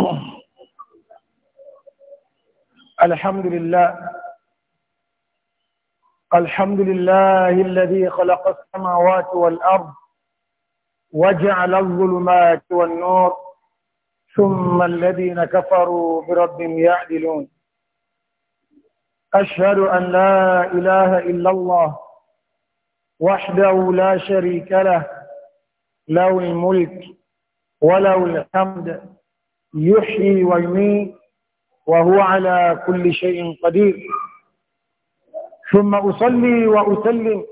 الحمد لله الحمد لله الذي خلق السماوات والأرض وجعل الظلمات والنور ثم الذين كفروا بربهم يعدلون أشهد أن لا إله إلا الله وحده لا شريك له له الملك وله الحمد يحيي ويميت وهو على كل شيء قدير ثم أصلي وأسلم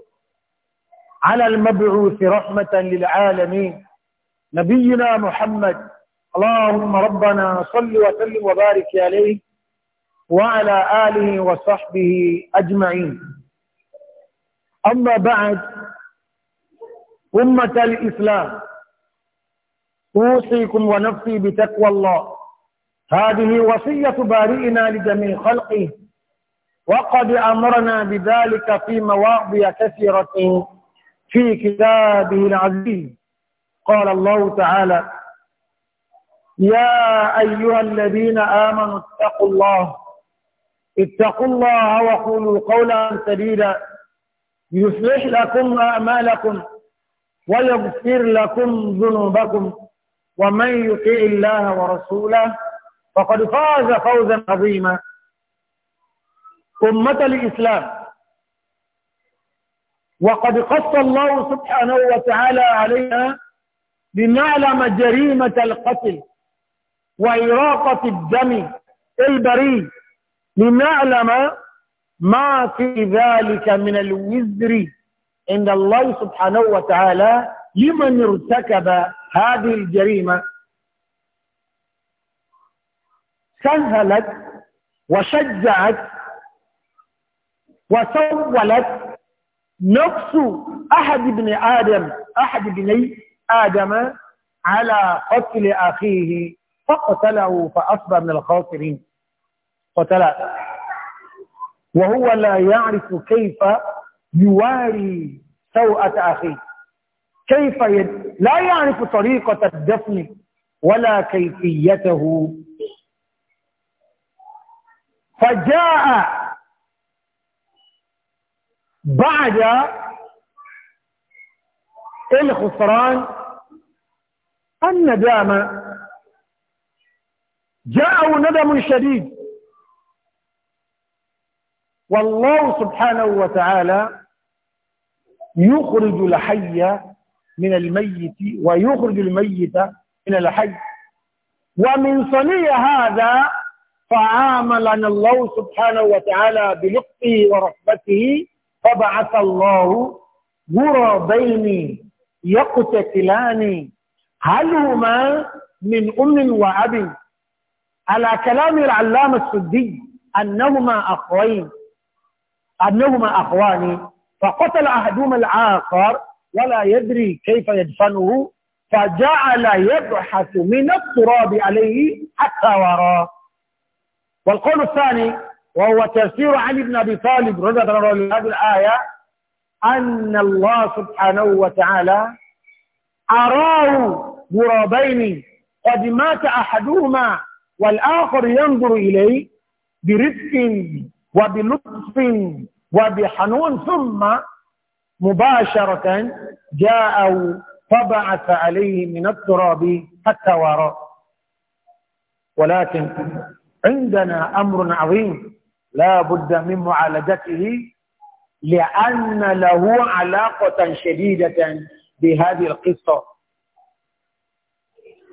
على المبعوث رحمة للعالمين نبينا محمد اللهم ربنا صل وسلم وبارك عليه وعلى آله وصحبه أجمعين أما بعد أمة الإسلام أوصيكم ونفسي بتقوى الله هذه وصية بارئنا لجميع خلقه وقد أمرنا بذلك في مواضع كثيرة في كتابه العزيز قال الله تعالى يا أيها الذين آمنوا اتقوا الله اتقوا الله وقولوا قولا سديدا يصلح لكم أعمالكم ويغفر لكم ذنوبكم ومن يطع الله ورسوله فقد فاز فوزا عظيما أمة الإسلام وقد قص الله سبحانه وتعالى علينا لنعلم جريمة القتل وإراقة الدم البريء لنعلم ما في ذلك من الوزر عند الله سبحانه وتعالى لمن ارتكب هذه الجريمة سهلت وشجعت وسولت نفس أحد ابن آدم أحد بني آدم على قتل أخيه فقتله فأصبح من الخاسرين قتله وهو لا يعرف كيف يواري سوءة أخيه كيف يد... لا يعرف طريقة الدفن ولا كيفيته فجاء بعد الخسران الندامة جاءه ندم شديد والله سبحانه وتعالى يخرج الحي من الميت ويخرج الميت من الحي ومن صنيع هذا فعاملنا الله سبحانه وتعالى بلطفه ورحمته فبعث الله غرابين يقتتلان هل هما من أم وأب على كلام العلامة السدي أنهما أخوين أنهما أخوان فقتل أحدهما الآخر ولا يدري كيف يدفنه فجعل يبحث من التراب عليه حتى وراء والقول الثاني وهو تفسير علي بن أبي طالب رضي الله عنه هذه الآية أن الله سبحانه وتعالى أراه غرابين قد مات أحدهما والآخر ينظر إليه برفق وبلطف وبحنون ثم مباشرة جاءوا فبعث عليه من التراب حتى وراء ولكن عندنا أمر عظيم لا بد من معالجته لأن له علاقة شديدة بهذه القصة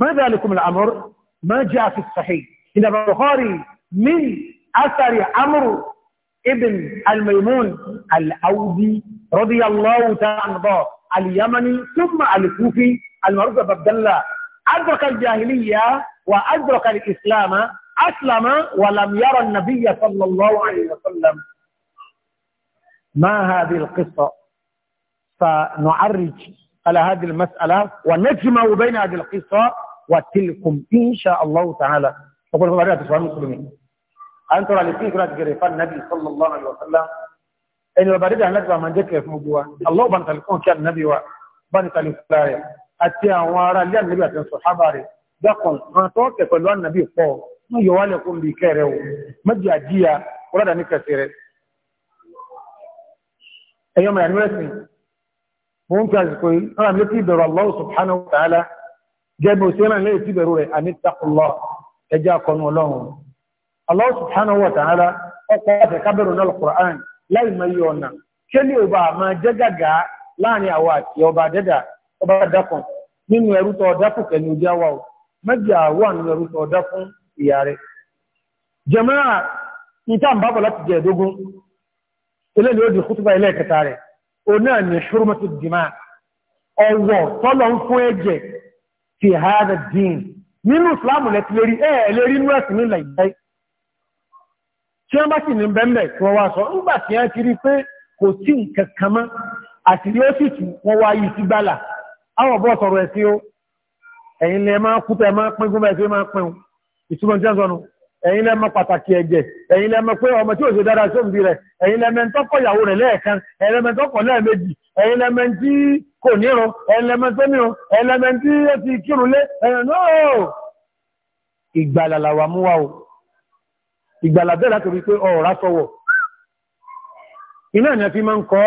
ما ذلكم الأمر ما جاء في الصحيح إن البخاري من أثر أمر ابن الميمون الأودي رضي الله تعالى عنه اليمني ثم الكوفي المعروف بابد الله أدرك الجاهلية وأدرك الإسلام أسلم ولم يرى النبي صلى الله عليه وسلم ما هذه القصة فنعرج على هذه المسألة ونجمع بين هذه القصة وتلكم إن شاء الله تعالى أقول فبرية سؤال المسلمين أنتم على الاثنين كنا النبي صلى الله عليه وسلم ẹni ọba dídà alágbà máa jẹ́kẹ̀ẹ́ fún gbogbo wa Allah bá ní tàlùkùn kí ànábì wa bá ní tàlùkùn rẹ̀ àti àwọn ará ilé ànábì àti sàhábà rẹ̀ dákùn ràn tó kẹ̀ pẹ̀lú ànábì pọ̀ ń yọ wálẹ̀ kó ń bi kẹ́ rẹ̀ o méjì àjíyà ọlọ́dà ní kẹsì rẹ̀. ẹ̀yọ́ mẹ́rin ní rẹ̀sìn mo ń fi àsìkò yìí rárá mi létí ìbẹ̀rù Allah subhanahu wa ta'ala gẹ́gẹ́ láì mọye ọ̀nà ṣé ní ọba àmọ́ jẹ́ gàgà láàrin àwọn àti ọba dẹ́dà ọba dákan nínú ẹrú tó ọdá kù kẹ́ni ojú àwa o mẹ́jọ wà nínú ẹrú tó ọdá fún ìyá rẹ̀. jẹ̀mọ́ra níta ń bábọ̀ láti jẹ́ ẹ̀dógún eléyìí ó di kútùbà ẹlẹ́ẹ̀kẹta rẹ̀ òun náà ní ṣúrùmọ́tò dìmá ọ̀wọ̀ tọ́lọ̀ ń fún tí wọ́n bá sì ní bẹ́ẹ̀mẹ̀ tí wọ́n wá sọ nígbà tí wọ́n ti rí pé kò tí nǹkan kan mọ́ àti yóò sì tù wọ́n wá yìí sí gbálà àwọn ọ̀bọ̀ sọ̀rọ̀ ẹ̀ sí ó ẹ̀yin lẹ máa kú tẹ máa pín gómìnà tí ó máa pín ìtumọ̀ tí wọ́n sọnù ẹ̀yin lẹ mọ̀ pàtàkì ẹ̀jẹ̀ ẹ̀yin lẹ mọ̀ pé ọmọ tí òṣèlú dára sí òbí rẹ̀ mú wa o ìgbàlà bẹ́ẹ̀ látòrí pé ọ̀rá sọ̀wọ̀ iná ni a fi máa ń kọ́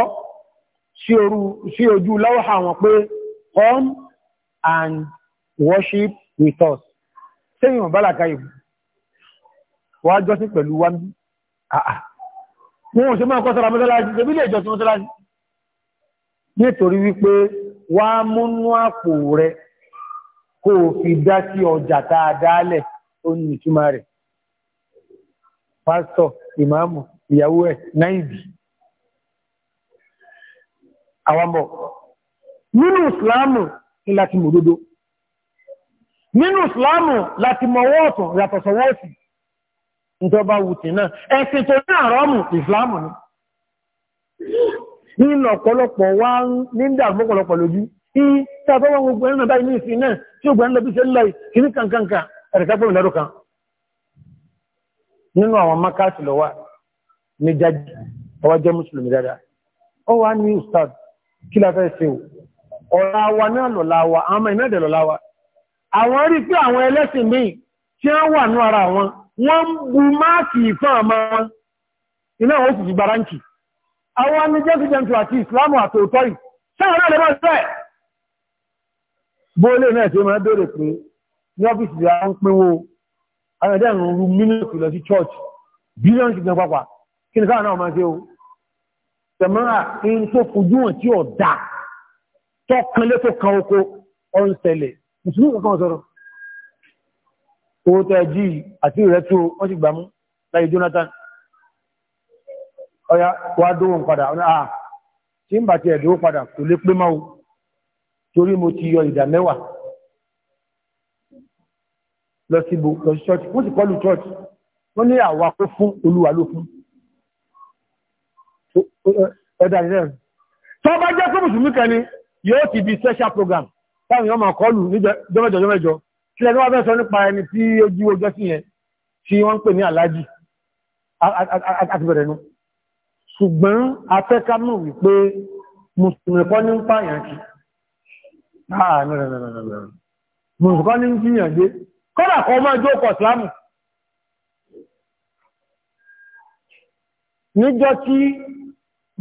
sí ojú láwọ́hà wọn pé come and worship with us sẹ́yìn wọn bálàkà ìbù wọ́n á jọ́sí pẹ̀lú wá ní àà wọ́n ṣe máa kọ́ sára mọ́sálásí ṣe bí lè jọ́sí mọ́sálásí nítorí wípé wá múnú àpò fi dá sí ọjà tá dálẹ̀ ó ní ìtumá rẹ̀ pásítọ̀ ìmáàmù ìyàwó ẹ̀ náìbì àwọmọ̀ nínú ìsìláàmù ní láti mọ̀ òdodo nínú ìsìláàmù láti mọ̀ ọwọ́ ọ̀tún yàtọ̀ sọ́wọ́ òsì ìjọba wùtì náà ẹ̀sìn tó ní àrọ́mù ìsìláàmù ni nínú ọ̀pọ̀lọpọ̀ wá ní dàgbọ́ ọ̀pọ̀lọpọ̀ lójú ìtàbọ́wọ́ gbogbo ẹ̀rùn náà báyìí ní ìsìn náà tí ó gbẹ̀rún lọ bí ṣe ń lọ ìkíní kankankan ẹ̀rẹ̀kápẹ̀rún lẹ́rù kan nínú àwọn makasi lọ wá ní jáde ọwá jẹ́ mùsùlùmí dáadáa ó wá ní ustad kí la fẹ́ ṣe o ọ̀rọ̀ àwa náà lọ̀la wa àwọn ọmọ ìnáàdẹ̀ lọ̀la wa àwọn rí pé àwọn ẹlẹ́sìn míì tí wọ́n wà ní ara wọn wọ́n ń bu máàkì ìfọ́n àmọ́ wọn iná wọn sì fi gbaráǹkì àwọn ní jẹ́sìjẹ́ntì àti ìsìlámù àtòótọ́ yìí sáwọn náà lè máa fẹ́ bóólé náà ṣe máa bèèrè pé ní ọ́fíìsì àwọn pínwó àwọn ẹ̀dẹ́ ń ru mílíọ̀tù lọ sí church billion ti gan pápá kí ni káwọn náà máa ṣe o tẹ̀mọ́ra ń tó fojú hàn tí ò dá tọ́kanlé tó kan oko ọ̀n ṣẹlẹ̀ mùsùlùmí kankan sọ̀rọ̀ owó tẹ́ jí àti rẹ̀ tó wọ́n ti gbàmú láyé Jonathan ọya wá dówó ń padà ọ̀nà àà tí ń bàtí ẹ̀dówó padà kò lè pé máa torí mo ti yọ ìdá lọ sí ibo lọ sí church wọ́n sì kọlu church wọ́n ní àwa kó fún olúwa ló fún ẹ̀dà ìrẹ́ tó bá jẹ́ pé mùsùlùmí kan ni yóò ti bí special program táwọn èèyàn máa kọlu ní jọmẹjọ jọmẹjọ kí lẹ́nu wá fẹ́ sọ nípa ẹni tí ó jí ojọ́ sí yẹn tí wọ́n ń pè ní aláàjì àti bẹ̀rẹ̀ nu ṣùgbọ́n afẹ́ká mọ̀ wípé mùsùlùmí kọ́ ní ń pààyàn kì ah, mùsùlùmí kọ́ ní ń jíyàn dé kọ́nà kọ́ máa jó ọkọ̀ ìsìlámù níjọ́ tí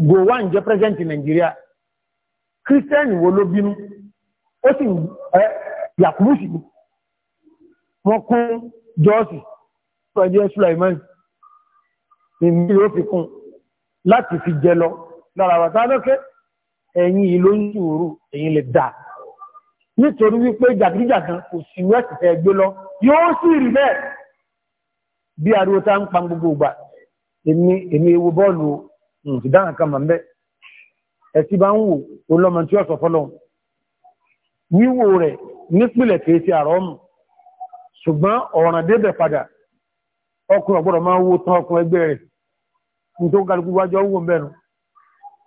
Gowon jẹ́ president Nigeria Christian wo ló bínú ó sì yàkúrú sí wọ́n kún jọ́ọ̀sì pẹ̀lú Sulaiman ìmí yóò fi kún láti fi jẹ lọ lára wàtá lọ́kẹ́ ẹ̀yìn ìlú ń sùúrù ẹ̀yìn lè dà nítorí wípé jàgídíjàgan kò sí wẹ́ẹ̀sì fẹ́ gbé lọ yóò sì rí bẹ́ẹ̀ bí ariwo tá ń pa gbogbo ìgbà èmi èmi ewu bọ́ọ̀lù ìdáhàn kan mà ń bẹ́ ẹ̀sì bá ń wò olọ́mọ tí ọ̀sọ̀ fọ́lọ́ wíwò rẹ̀ nípìnlẹ̀ kìí ti àrọ́ mù ṣùgbọ́n ọ̀ràn débẹ̀ padà ọkùnrin ọ̀gbọ́dọ̀ máa wo tán ọkùnrin ẹgbẹ́ rẹ̀ nítorí kálukú wájọ́ wò mẹ́nu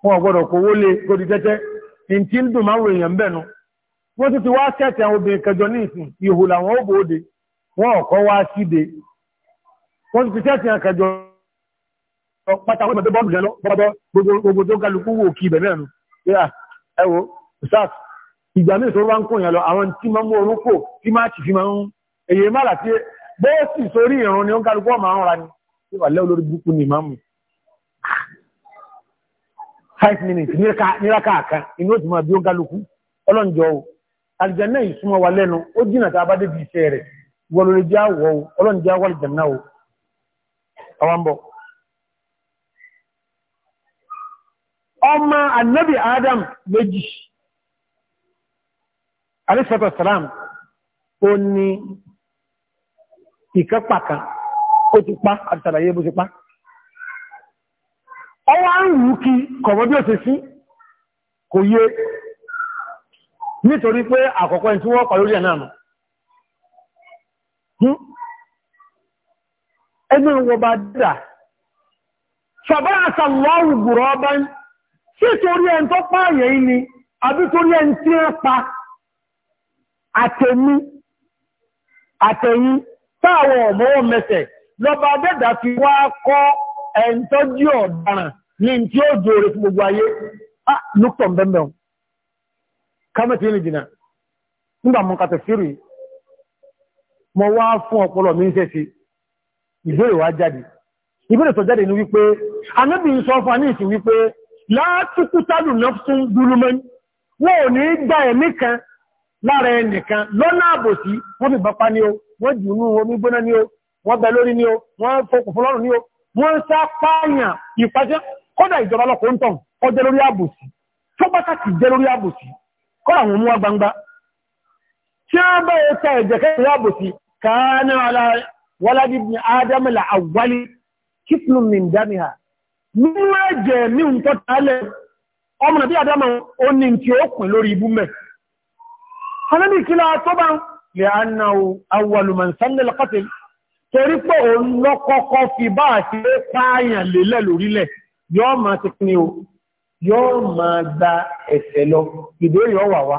wọn ọ̀gbọ́dọ̀ kò wó lé kó di tẹ́tẹ́ ní ń dùn máa ń ròyìn mẹ́nu wọ́n ti ti wá kẹ́ẹ̀tẹ̀ àwọn obìnrin kẹjọ ní ìsìn ìhò làwọn ó bòóde wọ́n ọ̀kọ́ wá síde wọ́n ti pèsè àtìyàn kẹjọ pátákó ìbẹ̀bẹ̀ bọ́ọ̀mù jẹ́ lọ gbogbo tó kálukú wò kí ibẹ̀ náà nù ẹwọ ni ó ń kálukú ọmọ àwọn ra ni tí wà lẹ́ olórí burúkú ni máa mú five minutes níraka àkan inú òtún máa bí ó ń kálukú ọlọ́njọ́ o àlìjẹ́ náà ìsúnmọ́ wa lẹ́nu ó jìnà tá a iṣẹ́ rẹ̀ wọlọ́rin jẹ́ àwọ̀ ọlọ́rin jẹ́ àwọ̀ ìjẹ̀mná o àwọ̀mbọ̀ ọmọ annabi adam méjì alẹ́sẹ̀tọ̀ salam ó ní ìkẹ́pàkà ó ti pá àtàlàyé bó ti pá ọwọ́ ń wù kí kọ̀mọ́ bí ó ti sí kò yé nítorí pé àkọ́kọ́ ẹni tí wọ́n pàlórí ẹ̀ náà Hmm? ẹgbẹ́ wọn bá dà ṣàbá àtàlọ́rù ọba ń sí torí ẹn tó pààyẹ̀ yìí ni àbí torí ẹn tí ó pa àtẹ̀mí àtẹ̀yìn táwọn ọmọwọ́ mẹ́sẹ̀ lọ́ba dẹ́dà fi wá kọ́ ẹn tó jí ọ̀daràn ní tí ó jòrè fún gbogbo ayé ah lókùtọ̀ mo wá fún ọpọlọ mi ń sẹ́sí ìbéèrè wá jáde ìbéèrè tó jáde ní wípé anábì ń sọ fún aníìsì wípé látúkútàlù nafsun dúlúmọ́n wọ́n ò ní gba ẹ̀mí kan lára ẹnìkan lọ́nà àbòsí wọ́n fi bapa ni o wọ́n jù ní omi gbóná ni o wọ́n bẹ lórí ni o wọ́n fokùn fún lọ́rùn ni o wọ́n sá pààyàn ìpàṣẹ kódà ìjọba tí a bá yẹ ta ẹ̀jẹ̀ kan ya bù sí kàánà wàládì ní adam la'awwali kìtùnù min damiha nínú ẹ̀jẹ̀ ní nǹkan tààlẹ̀ ọmọ nàbí adam ó ní tí ó pín lórí ibú mẹ́ hanami kila tó bá lè anna awwalu man sanna ti pín o yóò máa gba ẹ̀sẹ̀ lọ ìdó yóò wà wá.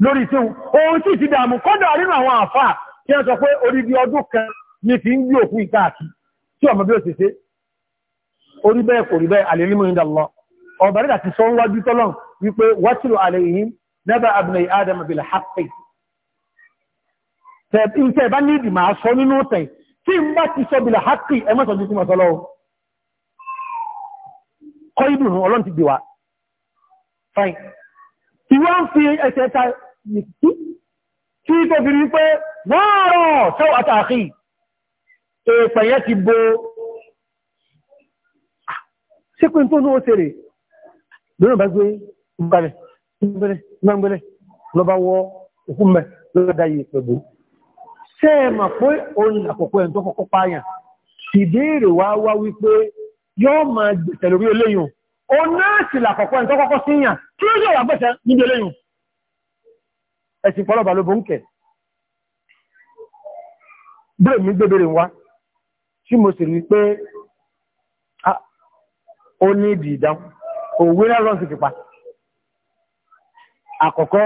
lórí tí ohun tí ti dàmù kọ́dà nínú àwọn àfà tí wọ́n sọ pé orí bí ọdún kan ní fi ń gbí òkú ìkáàkì tí ọmọ bí ó ti ṣe orí bẹ́ẹ̀ kò rí bẹ́ẹ̀ alìlímù ìdá lọ ọba rídà ti sọ ń wájú tọ́lọ́n wípé wátìlù alìyìn nẹ́bà abinai adam bil haqqi tẹ̀ bá ìwọ́n fi ẹsẹ̀ tí tó fi rí pé wọ́ọ̀rọ̀ sọ́wọ́ àtàkì èèpẹ̀yẹ ti bo sípin tó ní ó ṣe rè lónà bá gbé gbàlẹ̀ gbàgbẹ̀lẹ̀ lọ́ba wọ òkú mẹ́ lọ́dá yìí pẹ̀bú ṣe é mà pé òun àkọ́kọ́ ẹ̀ tó kọ́kọ́ pààyàn ìbéèrè wá wá wípé yóò máa gbèsè lórí eléyìn òun náà sì làkọ́kọ́ ẹ̀ tó kọ́kọ́ síyàn kí ó yọ̀ wá ẹ̀sìn pọ́lọ̀bà ló bó ń kẹ̀. Bí èmi gbébèrè wá, tí mo sì rí pé ah, ó ní ìdí ìdáhùn, òwe rẹ̀rọ̀ sì fipá. Àkọ́kọ́,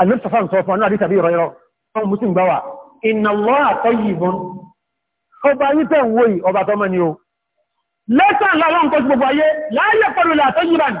àlùsọ̀fà ń sọ fún ọ̀nà àdìsàbí ìrọ̀ ìrọ̀, wọ́n mú sí ìgbà wà. Inna Allaha tayyibun. Ọba yìí tẹ̀ ń wòyí, ọba tọ́mọ ni o. Lẹ́sàn láwọn nǹkan gbogbo ayé, láyé pẹ̀lú làtọ́ yìí báyìí.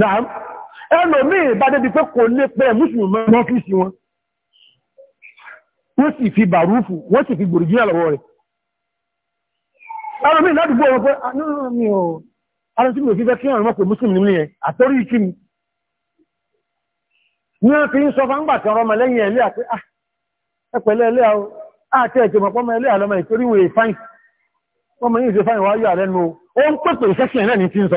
náà ẹlòmí ìbádẹ́bí pé kò lè pẹ́ mùsùlùmí lọ́fíìsì wọn wọ́n sì fi bàrúfù wọ́n sì fi gbòrògí àlọ́wọ́ rẹ̀ ẹlòmí ládùúgbò wọn pé ah, mi ò ara tí mi ò fi fẹ́ kí àwọn mùsùlùmí nílé yẹn mi ní fi ń sọ fáńgbà ah, tí ọmọ lẹ́yìn ẹ̀lẹ́ àti ẹ̀pẹ̀lẹ́ ẹ̀lẹ́ àti ẹ̀jẹ̀ mọ̀pọ́mọ ẹ̀lẹ́ àlọ́mọ ìtorí wọn èèfáìn wọ́n yìí ṣe fáìn wáyé àlẹ́nu ó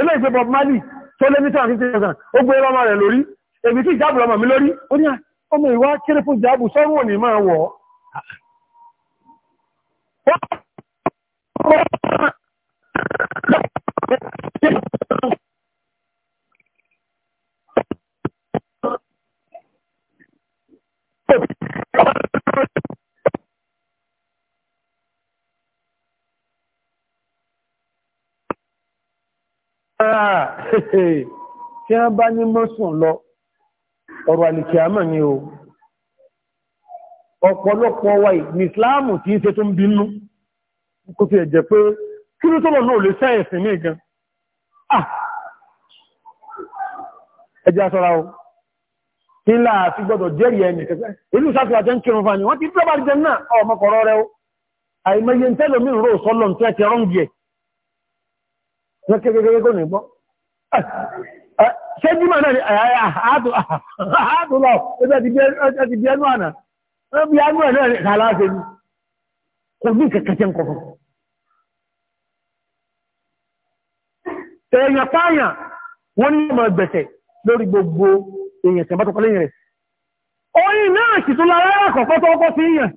ilé ìgbé Bob Marley tó lé ní 20,000 ó gbé ọmọ rẹ̀ lórí èbí tí ìjábù ọmọ mi lórí ó ní ah, ọmọ ìwá kéré fún ìjábù sọ́rún òní máa wọ̀ Thank you. Ah, tí wọ́n bá ní mọ́sùn lọ ọ̀rọ̀ àlìkì àmọ́ ni o ọ̀pọ̀lọpọ̀ wa ní ìsìláàmù tí ń ṣe tó ń bínú kò fi ẹ̀jẹ̀ pé kí ló tọ́lọ̀ náà lè sẹ́ ẹ̀sìn ní ìgan ah, ẹjẹ́ aṣọ́ra o tí láà fi gbọ́dọ̀ jẹ́rìí ẹni kẹfẹ́ ìlú sáfíà jẹ́ ń kírun fani wọ́n ti tọ́bà jẹ náà ọmọkọ̀rọ̀ rẹ o àìmọye ń tẹ́lòmí rò sọ́lọ́ ń tẹ́ ní kékeré kò ní gbọ́. ṣé jímọ̀ náà ni àádùn lọ ẹgbẹ́ ti bí ẹnu àná wọ́n bí ẹnu ẹ̀ náà ní kàláṣẹ́ ni kò ní kẹ̀kẹ́ kọ̀ọ̀kan. èèyàn pààyàn wọ́n ní ọmọ ẹgbẹ̀sẹ̀ lórí gbogbo èèyàn tẹ̀mbá tó kọ́ lẹ́yìn rẹ̀. oyin náà sì tó lára àkọ́kọ́ tó kọ́ sí yàn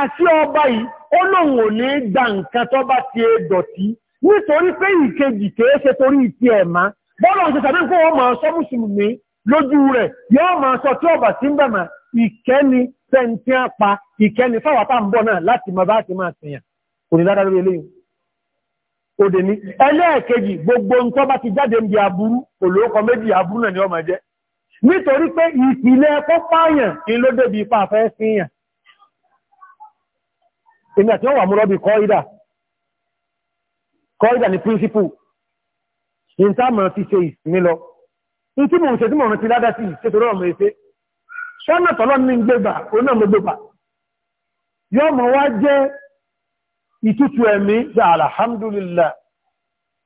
àti ọba yìí ó lóun ò ní gbà nǹkan tó bá ti dọ̀tí nítorí pé ìkejì kèé ṣe torí ìtì ẹ̀má bọ́lọ̀ ṣe tàbí kó wọ́n máa sọ mùsùlùmí lójú rẹ̀ yóò máa sọ tí ọba sí ń bẹ̀mọ̀ ìkẹ́ni tẹ́ntí apá ìkẹ́ni fáwátà ń bọ̀ náà láti mọ bá ti máa sèyàn kò ní dáadáa lórí eléyìí òdè ní ẹlẹ́ẹ̀kejì gbogbo ń tọ́ bá ti jáde ń di aburú olóòkọ méjì aburú náà ni ọmọ jẹ́ nítorí pé ìpìlẹ̀ ẹ̀kọ́ pààyàn ni ló débi ipa afẹ́ síyàn èmi àti wọn wà mú lọ́bì kọ́ ìdá kọ́ìdà ndị píríncípù ní táàmà ti ṣe ìsinmi lọ ní tí mo ń ṣe tí mo rántí ládá sí ìṣẹ́tọ̀rọ̀ ọmọ ẹ̀ṣẹ́ ṣọ́nà tọ́lọ́ ní gbégbà oná yóò mọ̀ wá jẹ́ ìtútù ẹ̀mí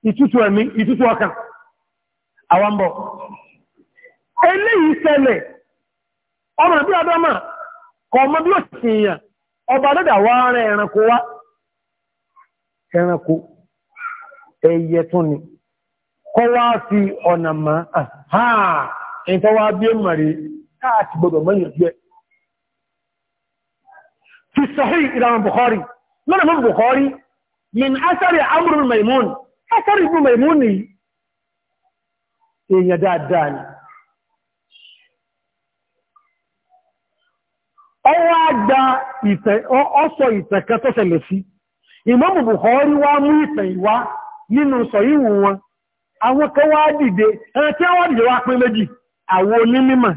ìtútù ẹ̀mí ìtútù ọkàn eléyìí ọmọ ẹranko ẹyẹ tún ni kọ́ wá fi ọ̀nà mọ́ àà ah, ẹni fi sahih ìlànà Bukhari lọ́nà mọ́ Bukhari min asari Amr ibn Maimun asari ibn Maimun ni èèyàn dáadáa ni ọwọ́ àgbà ọ̀sọ̀ ìtẹ̀kẹ́ tó ṣẹlẹ̀ sí wá mú ìtẹ̀ ìwá nínú sọ̀yíwò wọn àwọn kan wá dìde ẹran tí wọ́n dìde wá pín méjì àwọn onímọ̀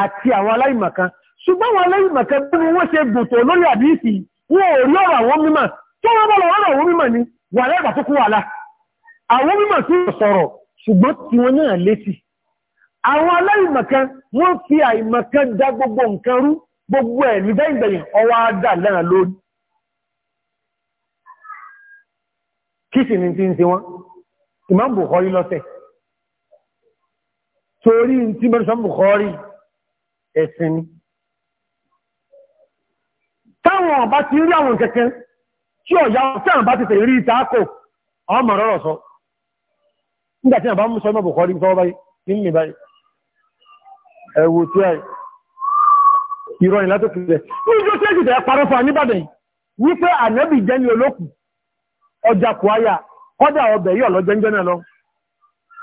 àti àwọn aláìmọ̀kan ṣùgbọ́n wọn aláìmọ̀kan bí wọ́n ṣe gbòtò lórí àdíìsì wọ́n ò rí ọ̀rọ̀ àwọn mímọ̀ tó wọ́n bọ́lọ̀ wọ́n àwọn mímọ̀ ni wà lẹ́gbà tó àwọn mímọ̀ sọ̀rọ̀ ṣùgbọ́n tí wọ́n létí àwọn aláìmọ̀kan kí sì ní tí ń ṣe wọ́n Imam Bukhari lọ́tẹ̀ torí tí bẹ́rẹ̀ Bukhari ẹ̀sìn ni táwọn ọba ti rí àwọn kẹ̀kẹ́ tí ọ̀yá tí àwọn bá ti tẹ̀rí ìtàkò àwọn mọ̀ rọ̀rọ̀ sọ nígbàtí àbá mú sọ Imam Bukhari sọ báyìí nílùú báyìí ẹ̀wò tí àì ìrọ̀ ìlátòkìlẹ̀ ní ìjọ́ tí tẹ̀ parọ́fà níbàdàn wípé ànẹ́bì jẹ́ ní olókùn ọjà kwaya kọ́dà ọbẹ yọ̀ lọ́jọ́ ń jẹ́nà lọ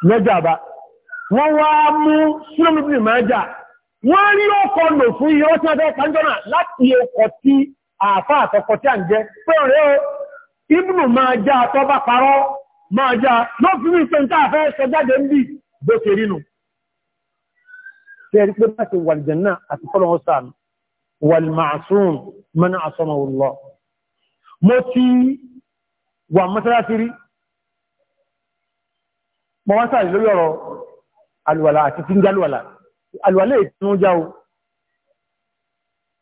mẹ́jàba wọ́n wá mú sílọ́mùsùn mẹ́jà wọ́n rí ọkọ̀ lò fún iye ọjọ́ láti tí tí a ń jẹ pé ọ̀rẹ́ o ibùnù máa já tọ́ bá parọ́ máa já ló fi mí pé nta àfẹ́ sọ jáde ń bì pé wàlìjẹ̀ náà àti mẹ́nà wà mọ́sálásí rí mọ́ wọ́n sáàrì lórí ọ̀rọ̀ alùwàlà àti tí ń já alùwàlà alùwàlà ètò ń já o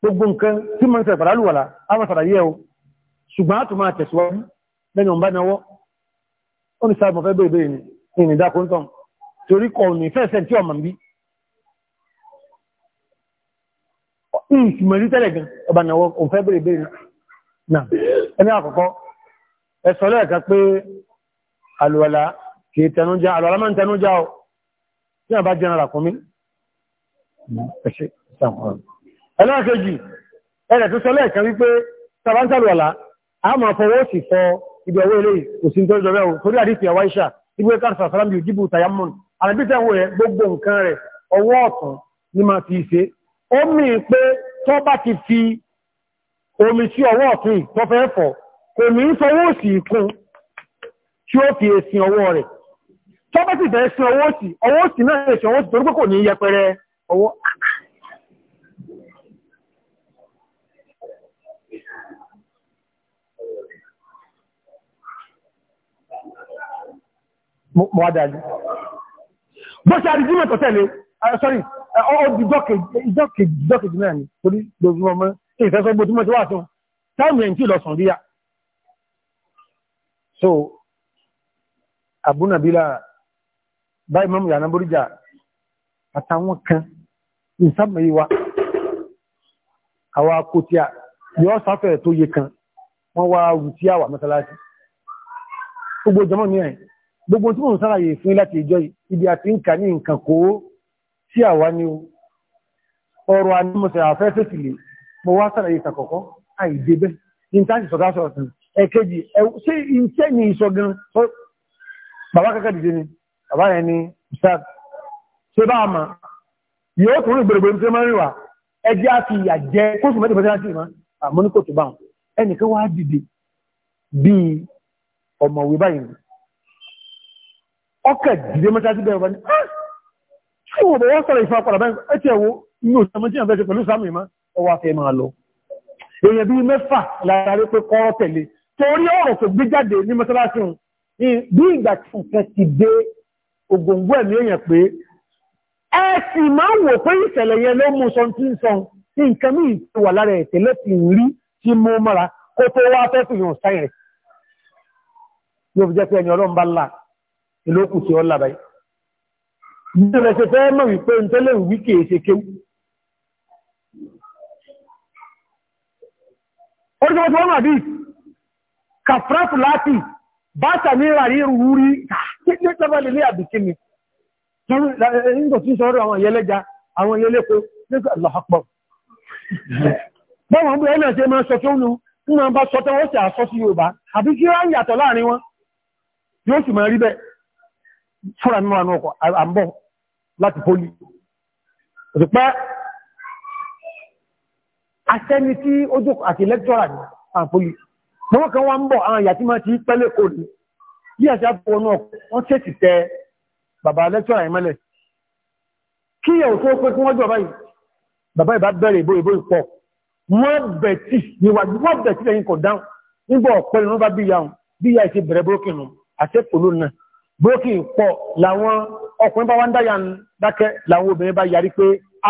gbogbo nǹkan tí mọ́ sẹ̀fàrà alùwàlà a mọ́ sàrà yẹ́ o ṣùgbọ́n a tún máa tẹ̀síwájú lẹ́yìn ọ̀nbá náwọ́ ó ní sáàmù fẹ́ bèèrè ní ìrìndákó ń tàn torí kọ̀ ní fẹ́ẹ̀sẹ̀ tí ọmọ ẹ̀sọ́ lẹ́ẹ̀kan pé àlùwàlá kì í tẹnújá àlùwàlá máa ń tẹnújá ọ tí a bá jẹran ràkúnmí ẹlẹ́ẹ̀kejì ẹ̀rẹ̀ tó sọ lẹ́ẹ̀kan wípé tàbátàlùwàlá a máa fọwọ́ sí fọ ibi ọwọ́ ilé òsì tó jọ bẹ́ẹ̀ torí àdífẹ́ àwá ìṣà ibi ẹ̀kà sàfàrán bí òjìbù tayammùn àbí tẹ́wọ́ pé tó ti fi omi sí ọwọ́ ọ̀tún tó fẹ́ kò ní fọwọ́ òsì ìkún tí ó fi èsìn ọwọ́ rẹ̀ tó bá sì fẹ́ sin ọwọ́ òsì ọwọ́ òsì náà èsìn ọwọ́ òsì torí pé kò ní yẹpẹrẹ ọwọ́ mọ́dájú bó ṣe àdìjú mẹ́tọ̀ tẹ́lẹ̀ sorry ọdún ìjọ́kejì náà ni torí lójúmọ́ mọ́ ìfẹ́sọ́gbó tí mọ́ ti wà tún táìmù ẹ̀ ń tí lọ sàn ríyà so abúnàbílà báyìí mọ́mù yà nábóríjà àtàwọn kan ìsámẹ̀yí wa àwọn akótíà yọ́ sáfẹ́ tó yẹ kan wọ́n wá rùtí àwà mọ́sálásí gbogbo jọmọ́ ní ẹ̀ gbogbo tí mo ń sára yìí fún láti ìjọ ibi àti ń kà ní nǹkan kó sí àwa ni ọrọ̀ anímọ̀sẹ̀ àfẹ́fẹ́ sílẹ̀ mo wá sára yìí kàkọ́kọ́ àìdébẹ́ ní táàkì sọ̀dá sọ̀rọ̀ ẹ̀kejì ṣé iṣẹ́ ni ìṣọ̀gan bàbá kẹ́kẹ́ dìde ni bàbá yẹn ni ustaz ṣé bá a mà yóò tún rìn gbèrègbèrè tí ó máa ń rìn wá ẹjẹ́ àti ìyà jẹ́ kóṣù mẹ́tẹ̀ẹ́ fẹ́ẹ́ láti ìmọ̀ àmọ́ ní kò tó bá wọn ẹnìkan wá dìde bíi ni ah! ṣé wọn bọ̀ wọ́n sọ̀rọ̀ ìfọ̀ padà báyìí ẹ tiẹ̀ wo inú òṣèlú torí ọ̀rọ̀ tó gbé jáde ní mọ́sálásí òun bí ìgbà tí nǹkan ti dé ògòǹgbò ẹ̀mí èèyàn pé ẹ sì máa ń wò pé ìṣẹ̀lẹ̀ yẹn ló mú sọ́n tí ń sọ́n tí nǹkan mí ti wà lára ìtẹ̀lẹ́ ti rí tí mú mọ́ra kó tó wá fẹ́ fìyàn sáyẹn rẹ̀ yóò fi jẹ́ pé ẹni ọlọ́run bá là ìlú òkú tí ó là báyìí bí ó ṣe fẹ́ mọ̀ wípé ń tẹ́lẹ̀ wí kìí ṣe kéwú orí tí wọ́n ti wọ́n mà bíi kàfúráfù láti bátà ní ìràrí rúrí ní sẹ́fẹ́lẹ̀ ní àbìkí mi nígbò tí sọ́rọ̀ àwọn ìyẹlẹ́ja àwọn ìyẹlẹ́kọ́ nígbà lọ́pọ̀ bọ́wọ̀n bí ẹ̀nà ṣe máa sọ tó nù nígbà bá sọ tó wọ́n sì àsọ sí Yorùbá àbí kí wá ń yàtọ̀ láàrin wọn yóò sì máa rí bẹ́ẹ̀ fúra nínú àwọn ọkọ̀ àmbọ̀ láti pólì rìpẹ́ asẹ́ni tí ó jókòó àti lẹ́kítọ́rà ní àpólì wọ́n kan wá ń bọ̀ àwọn àyàtí máa ti pẹ́lẹ̀ kò ní bí àṣà fún ọ̀nà wọ́n tẹ́tì tẹ bàbá lẹ́tọ́ àìmọ́lẹ̀ kí ẹ̀wọ̀ tó pé kí wọ́n jọ báyìí bàbá ìbá bẹ̀rẹ̀ ìbò ìbò ìpọ̀ wọ́n bẹ̀tì níwájú wọ́n bẹ̀tì lẹ́yìn kò dáhùn nígbà ọ̀pọ̀ ni wọ́n bá bíyà hùn bíyà ìṣe bẹ̀rẹ̀ brókìn nù àti kòló náà brókìn pọ̀ làwọn ọkùnrin bá wá ń dáyà ń dákẹ́ làwọn obìnrin bá yarí pé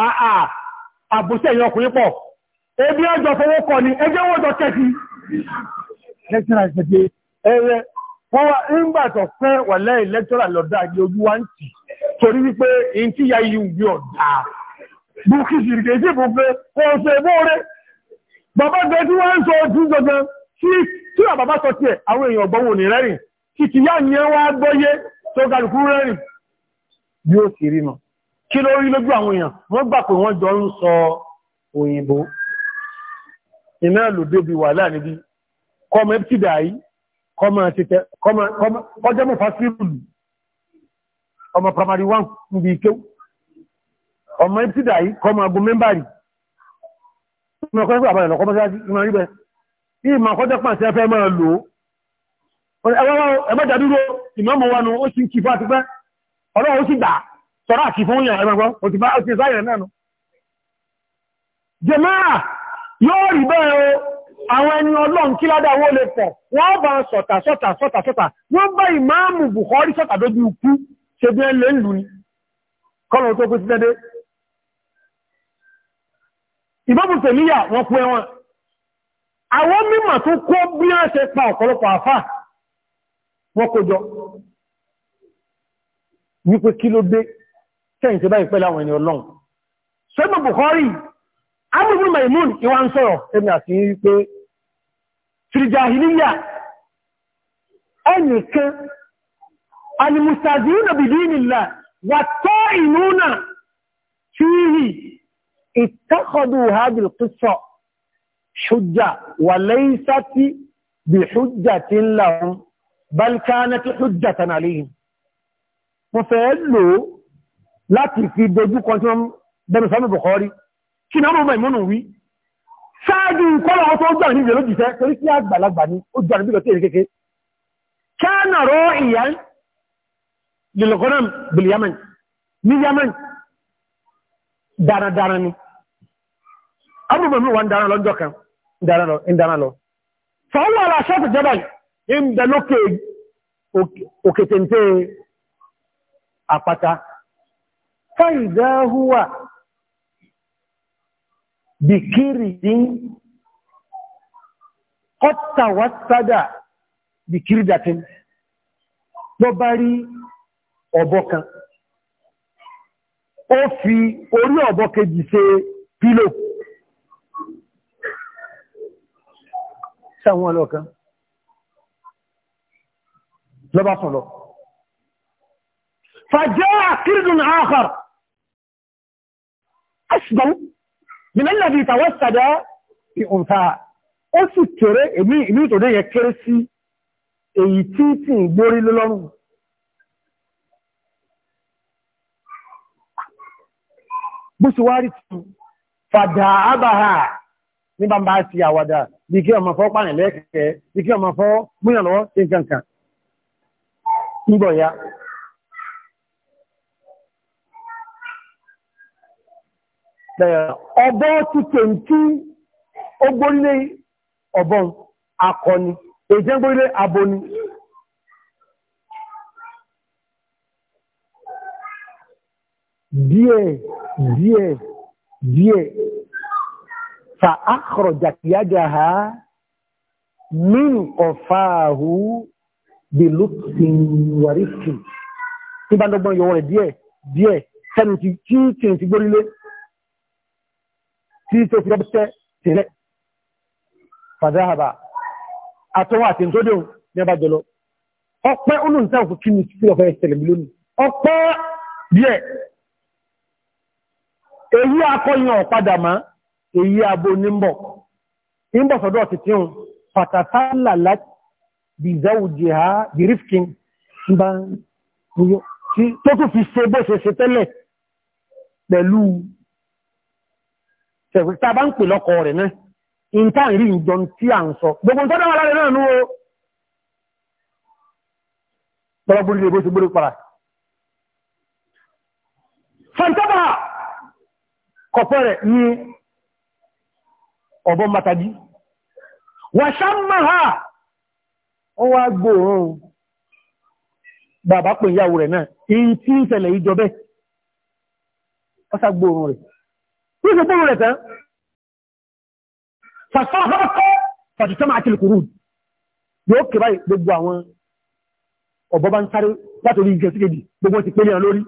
àà àbúṣẹ́ ìyọkùnrin pọ̀ ebi ọjọ́ fowó kọ ni ẹjẹ́ wọ́n jọ tẹ́sí Electoral ṣe pé ẹ̀rẹ̀ wọ́n wá nígbà tó fẹ́ wà lẹ́yìn lecturer lọ́dà ní ojú wa ń tì torí wípé èyí tí ya yìí wí ọ̀dà bukí sì rìkè sí ìbùgbé kò ṣe bóore bàbá gbé tí wọ́n ń sọ ojú gangan tí tí wà bàbá sọ tiẹ̀ àwọn èèyàn ọ̀gbọ́n ní rẹ́rìn tí tìyá yẹn wá gbọ́yé tó kálukú rẹ́rìn yóò sì rí náà kí ló rí lójú àwọn èèyàn wọ́n gbà pé wọ́n jọ ń sọ òyìnbó iná wà láàrin bí kọmọ ẹ̀pítìdà yìí kọmọ títẹ ọjọ́ mẹ́fà sírùlù ọmọ primary one níbi ìkéw ọmọ ẹ̀pítìdà yìí kọmọ agbó mẹ́mbàrì ọlọ́run sì gbà sọ̀rọ̀ àti fún ìyàn ẹgbẹ̀gbọ́n òtìbá òtìsáyẹ̀ náà nù jẹ́máà yóò rí bẹ́ẹ̀ o àwọn ẹni ọlọ́run kí ládà owó lè pọ̀ wọ́n bá sọ̀tà sọ̀tà sọ̀tà sọ̀tà wọ́n bá ìmáàmù Bukhari sọ̀tà lójú ikú ṣe bí ẹlẹ́ ń lù ní kọ́lọ̀ tó kú sí dédé ìbọ́bù tèmíyà wọ́n pẹ́ wọn àwọn mímọ̀ tó kó bí wọ́n ṣe pa ọ̀pọ̀lọpọ̀ àfà wọ́n kó jọ wípé kí ló dé tẹ́yìn tí báyìí pẹ́lú àwọn ẹni ọlọ́run sẹ́gbọ̀n Bukhari Amúrùn Maimun ìwà ń sọ̀rọ̀ ẹni àti wípé fìrìjàhìníyà ẹnìkan alìmùsàdínà bìdínìlá wà tọ́ ìlúnà fíhì ìtàkọ̀dù hajjil kìsọ̀ ṣùjà wà lẹ́yìnsátí bí ṣùjà tí ń láwọn balkana tí ṣùjà tàn àlèyìn wọ́n fẹ́ lò láti fi dojú kan tí wọ́n bẹ̀rẹ̀ sọ́nà bukori kí náà mọ́ ṣáájú kọ́lọ̀ ọ̀tọ́ ọjọ́ ìrìnlẹ̀ ló jìṣẹ́ torí sí àgbàlagbà ní ojú àrùn bílọ̀ tí èrè kéèké kánà rọ ìyá lìlọ̀kọ́nàm bìlì yaman ní yaman dáradára ni abúgbàmí wà ń dára lọ jọkan dára lọ fọ́wọ́ ara ṣọ́tù jọba ń bẹ lókè òkètèntè àpáta fáìdáhúwà بكير قد توسد بكردة ló bá rí ọ̀bọ kan ó fi orí ọ̀bọ kejì ṣe pílò sáwọn ọlọ́kan ló bá sùn lọ fàjẹ́ àkírídùn àáfàr bìmẹ́lá fi ìtàwọ́ sàdá ìhùntà ó sì kéré èmi ìlú ìtòdó yẹ kéré sí èyí tí tí ń gbórí lọ́rùn bó sì wárí tún fàdà àbáhà ní bá ń bá sí àwàdà bí ya ọbọ̀ ti kèntí ogbólé ọ̀bọ̀ akọni èjì gbólé aboni díẹ̀ díẹ̀ díẹ̀ fa akọrọ̀jà kìyàjà ha min ọ̀fàáhù bí lókùn wàrífì tí bá dọ́gbọ́n yọwọ́ rẹ̀ díẹ̀ díẹ̀ sẹ́nu ti kí kìntí gbórílé tí tó fi rọ́bùsẹ́ tẹ̀lẹ̀ fàdáhàbà àtọwọ́ àti tó dẹ̀hùn ní ẹbá ọpẹ́ olùntà òkú ni tí ọ̀fẹ́ ìṣẹ̀lẹ̀ mi lónìí ọpẹ́ díẹ̀ èyí akọyàn ọ̀padà má èyí abo nímbọ̀ nímbọ̀ sọ́dọ̀ ti tí hùn fàtàtàlà láti bìzáwù jìhá bìrífkin bá tó tún fi ṣe bó ṣe ṣe tẹ́lẹ̀ pẹ̀lú tẹ̀wé tá a bá ń pè lọ́kọ rẹ̀ náà ìta ìrí ìjọ tí a ń sọ gbogbo tó dáwà láàrin náà ní o tọ́rọ búrú lè bó ti para fẹ́ntọ́bà kọ̀pọ̀ rẹ̀ ní ọ̀bọ̀n matají wàṣá máa ó wá gbòòrùn bàbá pè ìyàwó rẹ̀ náà in tí ń tẹ̀lẹ̀ ìjọ bẹ́ ọ́sà gbòòrùn rẹ̀ ní ṣe fún rẹ̀ tán fàṣọ́fọ́fọ́ fàṣìtọ́ máa kìlù kùrù yóò kè báyìí gbogbo àwọn ọ̀bọ̀ bá ń sáré látòrí ìjọ síkèdì gbogbo ti pélé lórí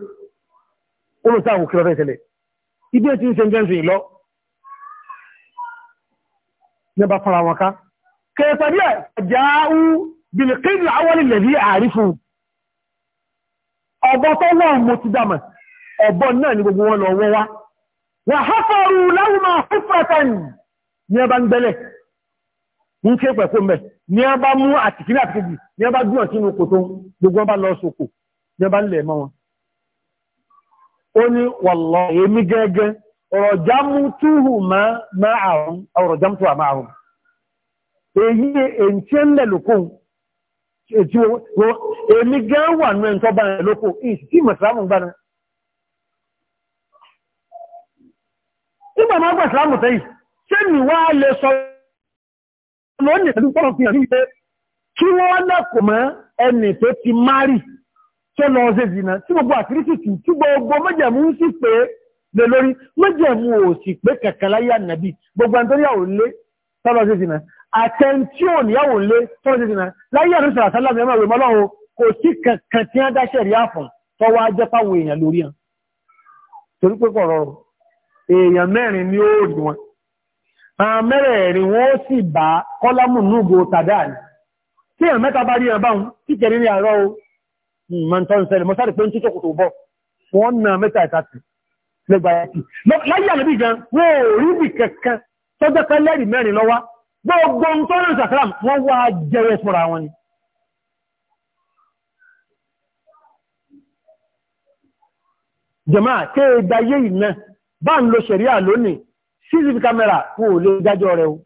olóòtú àwọn òkèrè ìṣẹ̀lẹ̀ ibi ètí ń ṣe jẹ́ ìṣẹ̀lẹ̀ lọ nípa fara wọn ká wà háfàrù láwùmá húfàtàn ní ẹbá ń gbẹ́lẹ̀ ń ké pẹ̀kú mẹ́ ní ẹbá mú àtìkílẹ̀ àtìkejì ní ẹbá gbọ́n sínú kòtò gbogbo ọba lọ sókò ní ẹbá ń lẹ̀ mọ́ wọn ó ní wàlọ́ èmi gẹ́gẹ́ ọ̀rọ̀ nígbà máa gbà ìsìlámù tẹ́yì ṣé mi wá lè sọ lónìí pẹ̀lú pọ́lọ̀ fi hàn ní pé kí wọ́n lẹ́kọ̀ọ́ mọ́ ẹni tó ti márì tó lọ ṣe jìnà tí gbogbo àkírísì tì tí gbogbo mọ́jẹ̀mú sì pé lè lórí mọ́jẹ̀mú ò sì pé kẹ̀kẹ́ láyé ànàbì gbogbo àǹtó níyàwó lé tó lọ ṣe jìnà àtẹ̀ntí ò níyàwó lé tó lọ ṣe èèyàn mẹ́rin ni ó rí wọn àwọn mẹ́rẹ̀ẹ̀rin wọ́n sì bá kọ́lámù núgbò tàdá ní tí èèyàn mẹ́ta bá rí ẹ̀bá wọn kíkẹ̀rí ní àárọ̀ ìmọ̀ hmm, tó ń ṣẹlẹ̀ mọ́ sáré pé ń títọ́ kò tó wọ́n na mẹ́ta ìtàtì lẹ́gbà ẹ̀tì láyé àlẹ́bí gan wọ́n ò rí bì kankan tó jẹ́ kẹ́lẹ́rì mẹ́rin lọ́wá gbogbo ń tọ́rọ ìsàkram wọ́n wá bá ń lo ṣẹ̀ríà lónìí cctv camera kò lè dájọ́ rẹ̀ o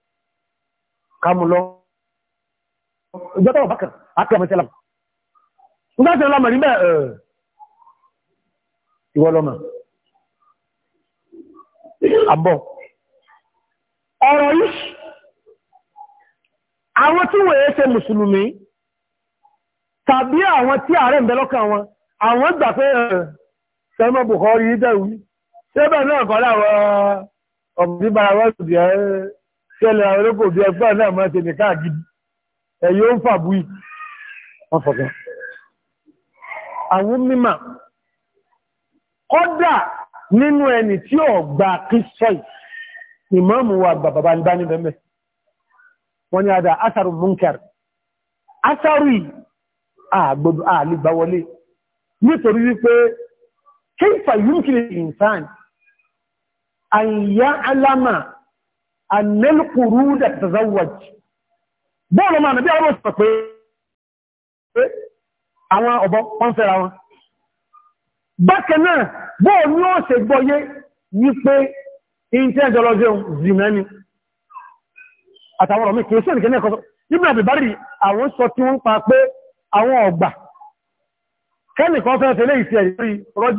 kàmù lọ ìjọba ọ̀bákan àti àmọ́tẹ́lá nígbàtí ọlọ́mọ rí bẹ́ẹ̀ ìwọ lọ́mọ àbọ̀ ọ̀rọ̀ yìí àwọn tí wọ́n yẹ́ ṣe mùsùlùmí tàbí àwọn tí ààrẹ ìbẹ̀lọ́kàn wọn àwọn gbà pé ẹ̀rẹ̀ sẹ́mọ̀ Bukhari dẹ̀wí ṣé bẹ́ẹ̀ náà kọ́ làwọn ọ̀bùnmí bára wọ́n sì jẹ́ ṣẹlẹ̀ àwọn olóko bí ẹgbẹ́ náà mọ́ ṣe ní káàkiri ẹ̀yọ́ ń fà búi wọ́n fọ̀kẹ́. àwọn mímà kọ́dà nínú ẹni tí ò gba kí sọ́ì ìmáàmù wa àgbà bàbá ní bá ní bẹ́ẹ̀ wọ́n ní adà asaru munkar asaru àgbàgbà àlìgbà wọlé nítorí wípé kí ìfà yúnkìlì an ya'lama annal quruda tazawwaj bọ́ọ̀lù máa nàbí àwọn òṣìṣẹ́ pé àwọn ọ̀bọ wọ́n fẹ́ra wọn bákan náà bọ́ọ̀lù ó ṣe gbọ́yé ní pé iṣẹ́ jọlọ́jẹ́ zìnà ni àtàwọn ọ̀rọ̀ mi kìí ṣe nìkan ẹ̀kọ́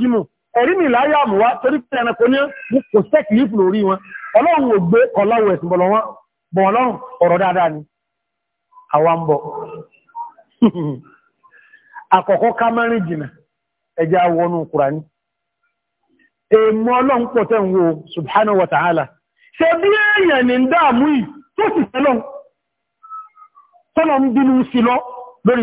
ibùn ẹ̀rí mi láyé àmúwá torí pé ẹranko ní kò sẹ́kì lífù lórí wọn ọlọ́run ò gbé ọlọ́run ẹ̀sìn bọ̀lọ̀ wọn bọ̀ ọlọ́run ọ̀rọ̀ dáadáa ni àwa ń bọ̀ àkọ́kọ́ ká mẹ́rin jìnà ẹjẹ́ awọnú Kùránì èmọ́ ọlọ́run pọ̀ tẹ́ ń wo subhanahu wa ta'ala ṣe bí èèyàn ní dáàmú yìí tó sì lọ lórí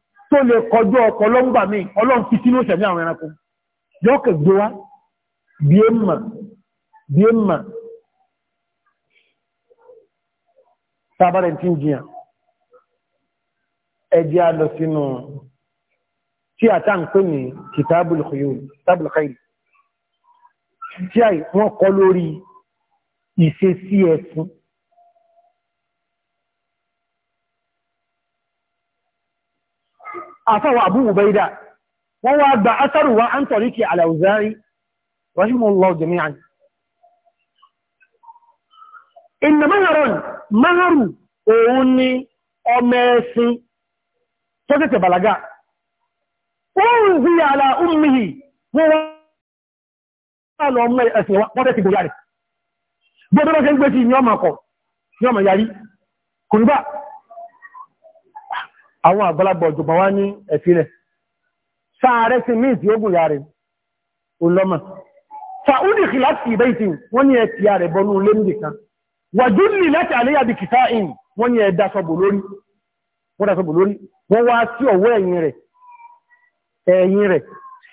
tó lè kọjú ọkọ̀ lọ́gbà mi ọlọ́run fi sínú ìṣẹ̀mí àwọn ẹranko yóò kè gbé wá bí é mà bí é mà sábàrẹ̀ tí ń jiyàn ẹjẹ́ a sínú tí a ń pè ní kìtàbùl tí wọ́n kọ lórí ìṣesí ẹ̀sìn àfáwà Abu Ubaida wọ́n wá gba asárù wá an tọ̀ríkì al-Awza'i rahimahullahu jami'an inna maharan maharu òun ni ọmọ ẹ̀sìn tó tẹ́tẹ̀ balaga wọ́n rí ala ummihi wọ́n wá lọ ọmọ wọ́n tẹ́tẹ̀ àwọn àgbàlagbà ọ̀jọ̀gbọ́n wá ní ẹ̀fílẹ̀ sáàrẹ́ sí míì tí ó gùn yà rẹ̀ olọ́mà fàúdì kì láti ìbẹ́ ìtì wọ́n ní ẹ̀tì ààrẹ bọnú lé ní ìkan wàjú ní láti àléyàbí kìtà ìn wọ́n ní ẹ̀dásọ̀bò lórí wọ́n wá sí ọ̀wọ́ ẹ̀yìn rẹ̀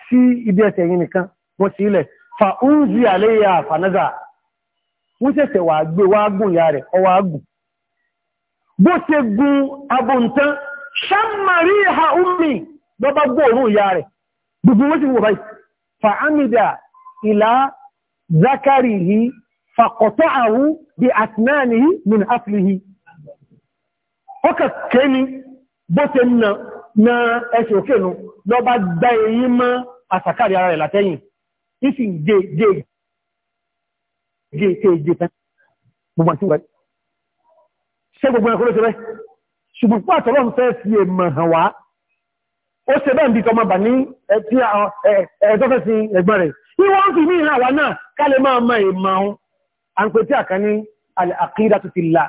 sí ibi ẹsẹ̀ ẹ̀yìn nìkan wọ́n sí ilẹ̀ fàúdì àléyà fànáza wọ́n sẹ̀sẹ̀ wà gbé wá gùn yà rẹ̀ ọwá gùn bó ṣe gun abóntán ṣánmarí ha umi lọ bá gbóòrùn ìyá rẹ̀ gbogbo wọ́n sì wò báyìí fa'amida ìlà zakari yìí fàkọ̀tọ́ àrú bí àtìmáàni yìí min afli yìí ó kàkẹ́ ni bó ṣe na ẹsẹ̀ òkè nù lọ bá gbá èyí mọ́ àsàkàrí ara rẹ̀ látẹ́yìn ṣe gbogbo ẹ̀kọ́ ló ṣe ṣùgbọ́n pípà tọ́lọ́ ń fẹ́ fi èèmọ̀ hàn wá ó ṣe bẹ́ẹ̀ bí tọmọ bà ní ẹtí ẹ̀ẹ́dọ́fẹ́ sí ẹgbẹ́ rẹ̀ ìwọ́n ń fi ní ìhàn wá náà ká lè máa mọ èèmọ̀ ọ̀hún à ń pè tí àkàn ní al-aqidatu fillah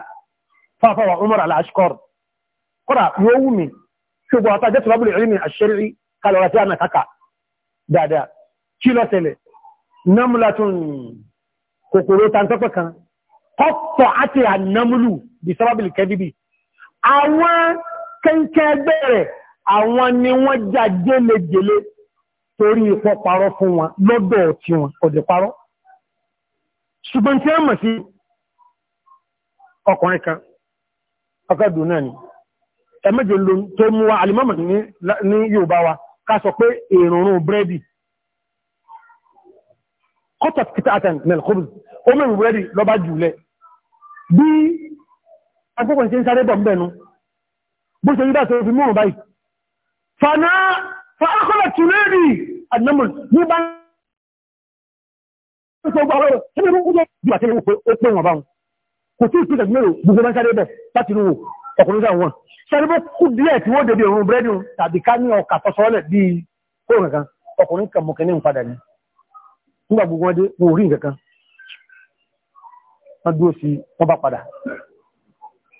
fáfáwà Umar al-Ashqar kọ́dà yóò wù mí tó lábùlẹ̀ ìrìn àṣẹ́rí kalọ̀rà tí a nà àwọn kẹ́ńkẹ́ ẹgbẹ́ rẹ̀ àwọn ni wọ́n já jẹ́lejèle torí ipò parọ́ fún wọn lọ́dọ̀ tí wọn ọ̀dẹ̀ parọ́ ṣùgbọ́n tí wọ́n mọ̀ sí ọkùnrin kan ọkọ̀dùn náà ni ẹ̀mẹ́jọ ló tó mú wa alimọ́mọ̀ ní Yorùbá wa ká sọ pé èròrùn búrẹ́dì kọ́tọ̀ kìtà àtàn mẹ́lẹ̀kọ́bù ó mẹ́rin búrẹ́dì lọ́ba jùlẹ̀ bí akókò ní ṣe ń sáré bọ̀ mbẹ̀nu bó ṣe yíbá sọ́rọ̀ fi mú ọ̀bá yìí fàná fàákọ́lá tùlẹ́rì àdínàmù ní bá ń sọ gbọ́rọ̀ tí ó kúrò bí àti ìwò pé wọ́n bá wọn kò tí ìpínlẹ̀ mẹ́rọ gbogbo bá ń sáré bọ̀ láti inú ọkùnrin sáà wọn sáré bó kú díẹ̀ tí wọ́n dèbè òun búrẹ́dì tàbí ká ní ọkà tọ́sọ́lẹ̀ bí kóò kankan ọkùnrin kan mọ̀kẹ́ ní padà ní nígbà gbogbo wọn dé wọn ò rí nǹkan kan wọ́n dúró sí wọ́n bá padà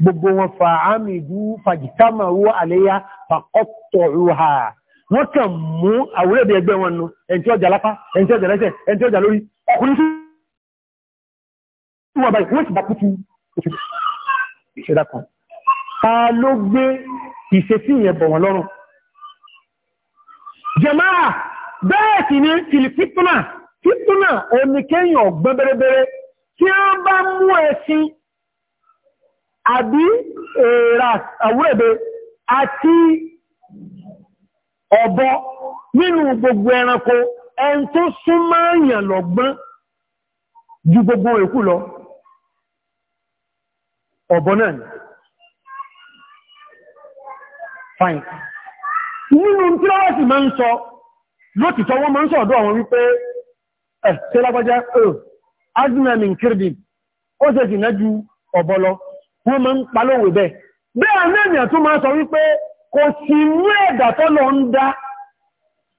gbogbo wọn fa àmìdú fàjítàmà owó àléyá fàkọ́tọ̀ ìhà wọ́n kàn mú àwúrẹ́bẹ̀ ẹgbẹ́ wọn nù ẹni tí ọjà lápá ẹni tí ọjà lẹ́sẹ̀ ẹni tí ọjà lórí ọkùnrin tí wọ́n bá kútu wọ́n lọ́rùn jẹmáà bẹ́ẹ̀ tí wọ́n bá mú àbí èèrà àwúrẹ̀bẹ̀ àti ọ̀bọ nínú gbogbo ẹranko ẹn tó súnmọ́ èèyàn lọ́gbọ́n ju gbogbo èkú lọ ọ̀bọ náà ni fine nínú tí lọ́wọ́ sì máa ń sọ lótìtọ́ wọ́n máa ń sọ̀dọ̀ àwọn wípé ẹ̀ eh, tí lágbàjá ẹ̀ oh, adúnàmì kìrìdì ó wọ́n máa ń palówò bẹ́ẹ̀ bẹ́ẹ̀ náà tún máa sọ wípé kò sí ní ẹ̀dà tó lọ ń dá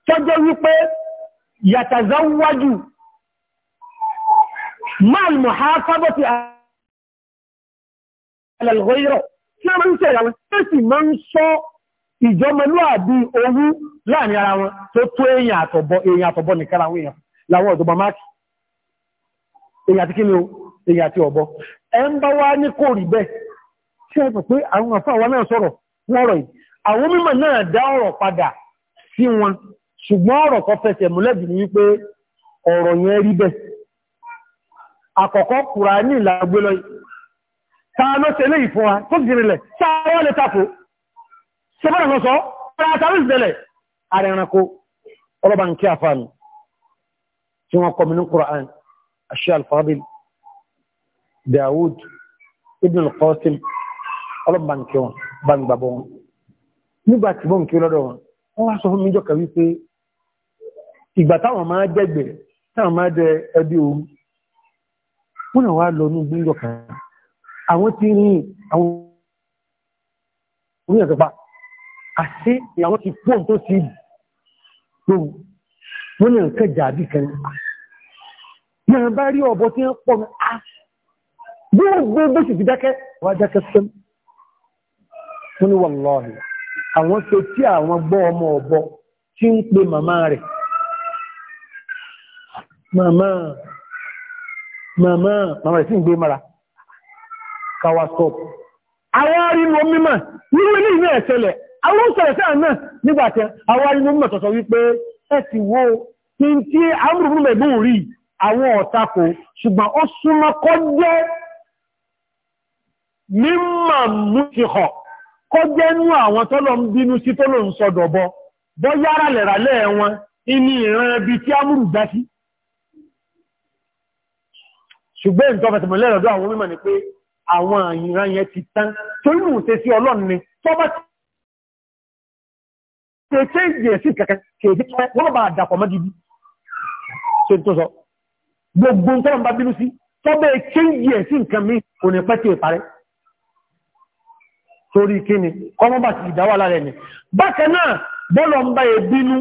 tọ́jọ́ wípé yàtàzá wájú máa mọ̀ ha sábọ́ ti àlàlùkọ́ ìrọ̀ tí a máa ń tẹ̀yà wọn tó sì ẹ ń bá wá ní kò rí bẹ́ẹ̀ a pẹ̀ àwọn àfáà náà sọ̀rọ̀ wọ́n yìí àwọn mímọ̀ náà dá ọ̀rọ̀ padà sí wọn ṣùgbọ́n ọ̀rọ̀ kan fẹsẹ̀ múlẹ̀bì ní wípé ọ̀rọ̀ yẹn rí bẹ́ẹ̀ àkọ́kọ́ Kùránì làgbé lọ ta ló ṣe léyìí fún wa tó ti lè tako sọ arìnrìnàkó ọlọ́ba àfáà mi tí wọ́n kọ́ mi Dawud ibn al-Qasim ọlọ́ba nkẹ́ wọn bá ń gbàbọ̀ wọn nígbà tí wọ́n nkẹ́ lọ́dọ̀ wọn wọ́n wá sọ fún mi jọ kà wípé ìgbà táwọn máa jẹ́gbẹ̀ táwọn máa jẹ ẹbí ooru wọ́n náà wá lọ ní gbígbọ́ kan àwọn tí rí àwọn orí ẹ̀kọ́ pa àti ìyàwó ti pọ̀ tó ti lòun wọ́n náà kẹjà àbí kan náà bá rí ọ̀bọ tí wọ́n pọ̀ náà gbogbo bó sì ti dákẹ́ wọ́n dákẹ́ sẹ́m fún ní wàláhì àwọn tó tí àwọn gbọ́ ọmọ ọ̀bọ tí ń pe màmá rẹ̀ màmá màmá màmá rẹ̀ sì ń gbé mara káwa stop àwọn arínú mímọ̀ nínú ilé ìwé ẹ̀sẹ̀lẹ̀ àwọn òṣèlẹ̀ sáà náà nígbàtí àwọn arínú etiwo tọ̀tọ̀ wípé ẹ ti wo kí n tí mímọ̀ múṣìkọ̀ kọ́ jẹ́nú àwọn tọ́lọ ń bínú sí tọ́lọ ń sọdọ̀bọ bọ́ yára lẹ̀rálẹ̀ wọn inú ìran ẹbí tí a múrù dá sí ṣùgbọ́n ìtọ́fẹsẹ̀mọ̀lẹ́ lọ́dọ̀ àwọn mímọ̀ ni pé àwọn ìran yẹn ti tán torí mú ṣe sí ọlọ́run ni tọ́bá ti ṣe ìjẹ̀ sí kẹ̀kẹ́ kèèdè wọ́n bá dàpọ̀ mọ́ gidi ṣe tó sọ gbogbo tọ́lọ̀ bá bínú sí tọ́bẹ̀ ṣe ìjẹ̀ sí nǹkan mi kò ní pẹ́ tí ì parẹ́ torí kíni ọmọ bá ti ìdáwà lára ẹni bákan náà bọ́lọ̀ ń bá ẹbínú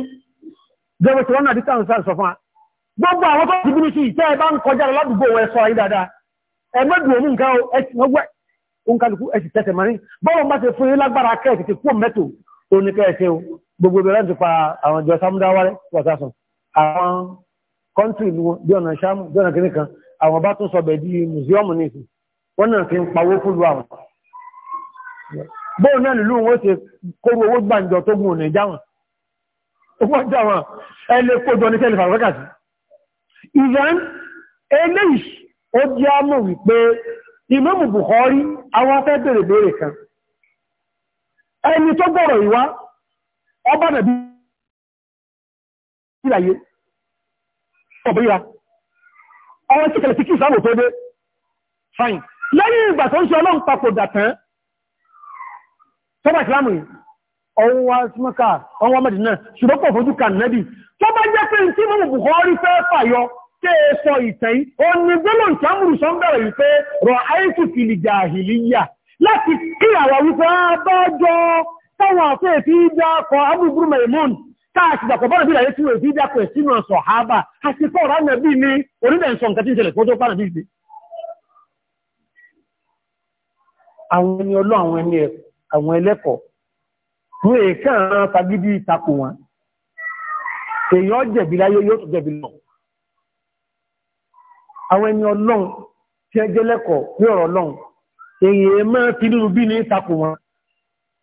jẹ́wọ́ tí wọ́n náà dítà ń sáà sọ fún wa gbogbo àwọn tó ti bínú sí ìtẹ́ ẹ bá ń kọjá lọ ládùúgbò ẹ sọ ayé dáadáa ẹ mẹ́dùn òun nǹkan òǹkàlùkù ẹ̀ pa àwọn ìjọ sámúdáwárẹ́ wọ̀sásùn àwọn kọ́ńtì ìlú bí ọ̀nà sámú bí ọ̀nà kìnnìkan àwọn bá tún sọ bẹ̀ di mùsíọ́mù bóò náà lùlú wọ́n ṣe kóró owó gbàǹjọ tó gùn òní jáwọn owó jáwọn ẹlẹ́ kójọ ní sẹ́lẹ̀ fàwọn kàtí ìyàn eléyìí ó jẹ́ àmọ́ wípé Ìmámù Bukhari àwọn afẹ́ bèèrè bèèrè kan ẹni tó gbọ́rọ̀ ìwá ọba nàbí ìlàyé ọ̀bíra ọwọ́ tí kẹlẹ̀ sí kí ìsáwò tó dé fine lẹ́yìn ìgbà tó ń ṣe ọlọ́run papòdà sọ́bà ìsìlámù yìí ọwọ́ wá símọ́ká ọwọ́ mẹ́dínà ṣùgbọ́pọ̀ fojú kan nẹ́bì tó bá jẹ́ pé tí mọ́ Bukhari fẹ́ fàyọ tẹ́ sọ ìtẹ́yí ó ní gbọ́nà tí a múrù sọ́n bẹ̀rẹ̀ wípé rọ àìsù fìlì jàhìlíyà láti kí àwà wípé bájọ́ táwọn àfẹ́ fi dákọ̀ abúgbùrú mẹ́mọ́n káàkiri àpọ̀ bọ́nà bí ìrẹsì rẹ̀ fi dákọ̀ sínú ọ̀sọ̀ àbá àti fọ́ ọ̀rọ̀ nẹ́bì ní orílẹ̀ ìsọ̀ nǹkan tí ń ṣẹlẹ̀ fọ́jọ́ pàdà bí ìgbé àwọn ẹni ọlọ́ àwọn ẹni ẹ̀kọ́ àwọn ẹlẹ́kọ̀ọ́ wọ́n èèkàn rán tagídí ìtakò wọn èèyàn jẹ̀bi láyé yóò tún jẹ̀bi lọ àwọn ẹni ọlọ́run tí ẹ jẹ́lẹ́kọ̀ọ́ ní ọ̀rọ̀ ọlọ́run èèyàn máa fi nínú bí ní ìtakò wọn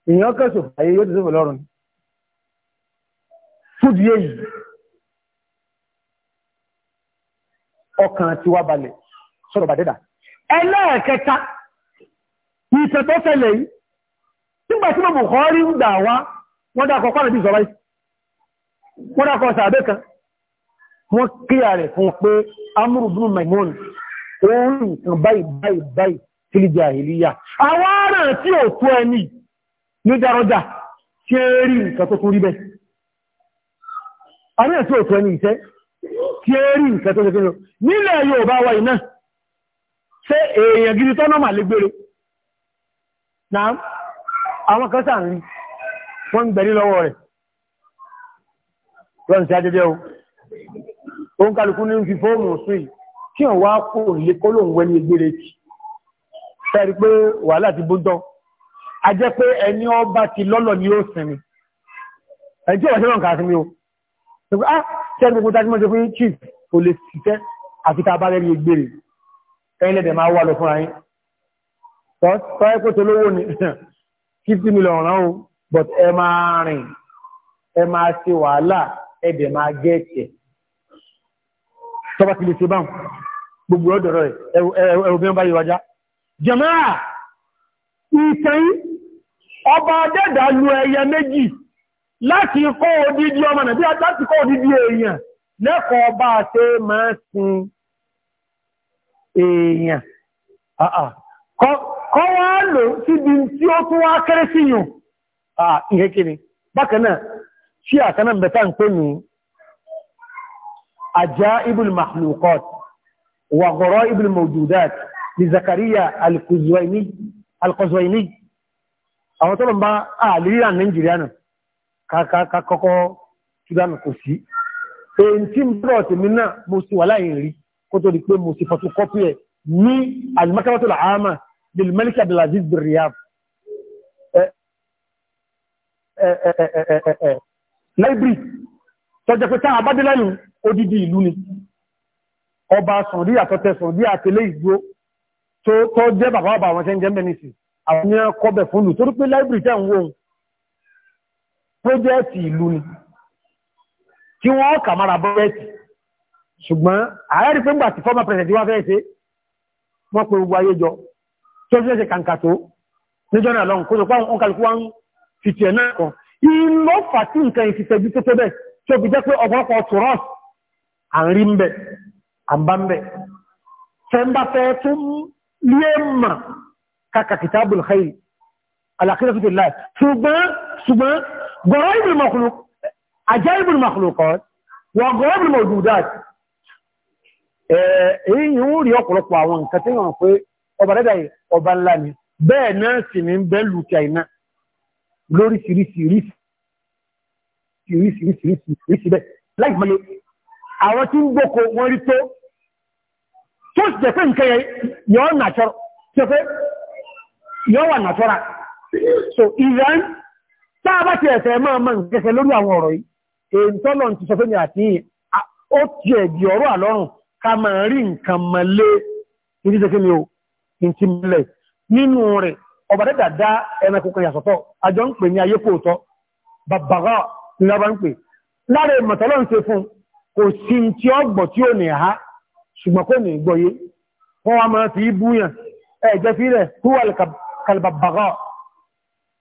èèyàn kẹsùn fàyè yóò tún sọ̀rọ̀ lọ́rùn fúdi èyí ọkàn ti wá balẹ̀ sọ̀rọ̀ bàdẹ́dà ẹlẹ́ẹ̀kẹta ìtẹ̀tọ́fẹ́lẹ̀ yìí nígbà tí mọ̀mù kọ́rí ń gbà wá wọ́n dákọ̀ pàdé bí sọ́láì wọ́n dákọ̀ sàbẹ́ kan wọ́n kíyà rẹ̀ fún pé amúrùbùn maimun orí nǹkan báyìí báyìí báyìí tí lè jẹ́ àìlíyà àwọn ará tí ò tó ẹni ló dárọjà tí ó rí nǹkan àwọn kan sáà ń rí wọ́n ń gbẹ̀rí lọ́wọ́ rẹ̀ lọ́n sí adédé o òun kálukú ní fi fóònù sún yìí kí ọ̀ wá kó lè kó lóun wẹ́ ní egbére tì sẹ́rí pé wàhálà ti bóńtọ́ a jẹ́ pé ẹni ọba ti lọ́lọ́ ni ó sinmi ẹ̀jẹ̀ ìwà sẹ́wọ̀n kà sinmi o ah sẹ́rí gbogbo tá a ti mọ̀ sí fún chief kò lè ṣiṣẹ́ àfi tá a bá rẹ́ ní egbére ẹ̀yin lẹ́dẹ̀ máa wà lọ fúnra yín fifty million rán o but ẹ máa rìn ẹ máa ṣe wàhálà ẹ dẹ̀ máa gé ẹ̀kẹ́ tọ́ba ti lè ṣe báwọn gbogbo ọ̀dọ̀rọ̀ ẹ̀ obìnrin bá yìí wájá jẹ̀máà ìtàn ọba adẹ́dà lu ẹyẹ méjì láti kọ́ odidi ọmọ nàbí láti kọ́ odidi èèyàn lẹ́kọ̀ọ́ bá a ṣe máa sin èèyàn kọ́ wá lò síbi tí ó tún wá kéré sí yùn ìhékiri bákanáà tí àkanáà bẹ̀ta ń pè ní ajaibul makhluqat wa gharaibul mawjudat ní Zakariya al-Qazwini àwọn tó lọ́nà bá àlìríà Nàìjíríà náà kàkàkọ́kọ́ ṣùgbọ́n kò sí èyí tí ń bọ́ tèmi náà mo sì wà láyé rí kó tó di pé mo sì fọ́tún kọ́pì ẹ̀ ní al-maktabatu بالملك عبد العزيز بالرياض láìbírì tọ́jẹ́ pé táwọn abádélẹ́nu odidi ìlú ni ọba sọ̀ndí àtọ́tẹ́ sọ̀ndí àtẹ́lẹ́ ìgbó tó tọ́ jẹ́ bàbá bàbá àwọn ṣẹ́jẹ́ mẹ́nìsì àwọn yẹn kọ́bẹ̀ fún lù torí pé láìbírì tẹ́ ń wó pọ́jẹ́ẹ̀tì ìlú ni kí wọ́n kà mara bọ́ẹ̀tì ṣùgbọ́n ààrẹ rí pé ńgbà tí fọ́mà pẹ̀sẹ̀ntì wá fẹ́ ṣe wọ́n pe gbogbo ayé jọ tó ṣe kàǹkà tó níjọ́ náà lọ́n kó tó pàwọn òǹkàlùkù wọn fi tiẹ̀ náà kọ̀ ìlọ́ fàtí nǹkan ìfìfẹ́jú tó tó bẹ́ẹ̀ tó fi jẹ́ pé ọ̀pọ̀lọpọ̀ tùrọ́s à ń rí ń bẹ̀ à ń bá ń bẹ̀ tẹ́ńbà fẹ́ tó lé mà kàkà kitabul khayr alaqira fi tìlá ṣùgbọ́n ṣùgbọ́n gọ̀rọ̀ ìbùn makhluk ajá ìbùn makhlukat wà gọ̀rọ̀ ìbùn mawjudat èyí ń rí ọ̀pọ̀lọpọ̀ àwọn nǹkan tí wọ́n pé ọba dẹ́dà yìí ọba ńlá ni bẹ́ẹ̀ náà sì ní bẹ́ẹ̀ lù kí àìná lóríṣiríṣi ríṣiríṣiríṣi bẹ́ẹ̀ láì mọ́lé àwọn tí ń gbóko wọ́n rí tó tó sì jẹ́ pé nǹkan yẹn yọ́ nàtọ́rọ̀ so ìran tá a bá ti ẹ̀fẹ̀ máa mọ́ nkẹsẹ̀ lórí àwọn ọ̀rọ̀ yìí èyí tọ́lọ̀ ti sọ ìntì mílẹ̀ nínú rẹ̀ ọba dẹ́dà dá ẹranko kan yàsọ̀tọ̀ àjọ ń pè ní ayé kòótọ́ bàbàrà lọ́ba ń pè lára ìmọ̀tọ́lọ́ ń ṣe fún kò sí tí ó gbọ̀ tí ò ní ha ṣùgbọ́n kò ní gbọ́yé wọ́n wá máa fi búyàn ẹ̀jẹ̀ fi rẹ̀ húwà kalbàbàrà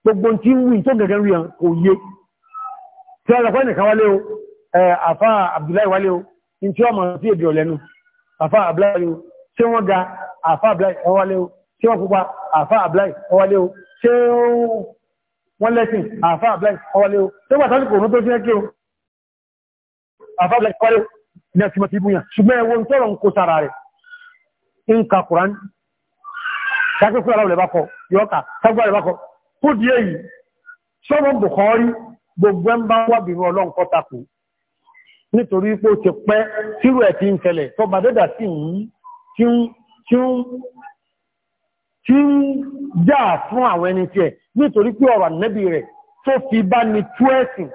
gbogbo tí ń wí tó gẹ̀gẹ̀ rí kò yé tí ó rẹ̀kọ́ nìkan wálé o àfáà Abdullahi wálé o ní tí ó mọ̀ sí èdè ọ̀lẹ́nu àfáà Abdullahi wálé o ṣé wọ́n ga àfá àbláì ọwálé o o ṣé wọ́n lẹ́sìn àfá àbláì o tí wọ́n tàbí kòrò tó o àfá àbláì ọwálé o ní ẹ̀sìn mọ̀tí ibùyàn ṣùgbọ́n ẹwọ ń tọrọ ń kó sára rẹ̀ ń ka Kùránì ṣáké fún aláwọ̀lẹ̀ bá kọ yọ́ọ̀kà tágbà rẹ̀ bá kọ fún di èyí sọ́mọ́ Bùkọ́rí gbogbo ń bá wà bìrù ọlọ́run kọ́ takò nítorí pé ó ti pẹ́ tírú ẹ̀ ti ń tẹ̀lẹ̀ tó bá dẹ́dà sí yìí tí tí ń jà fún àwọn ẹni tí ẹ̀ nítorí pé ọ̀rọ̀ ànẹ́bì rẹ̀ tó fi bá ní túẹ́sìn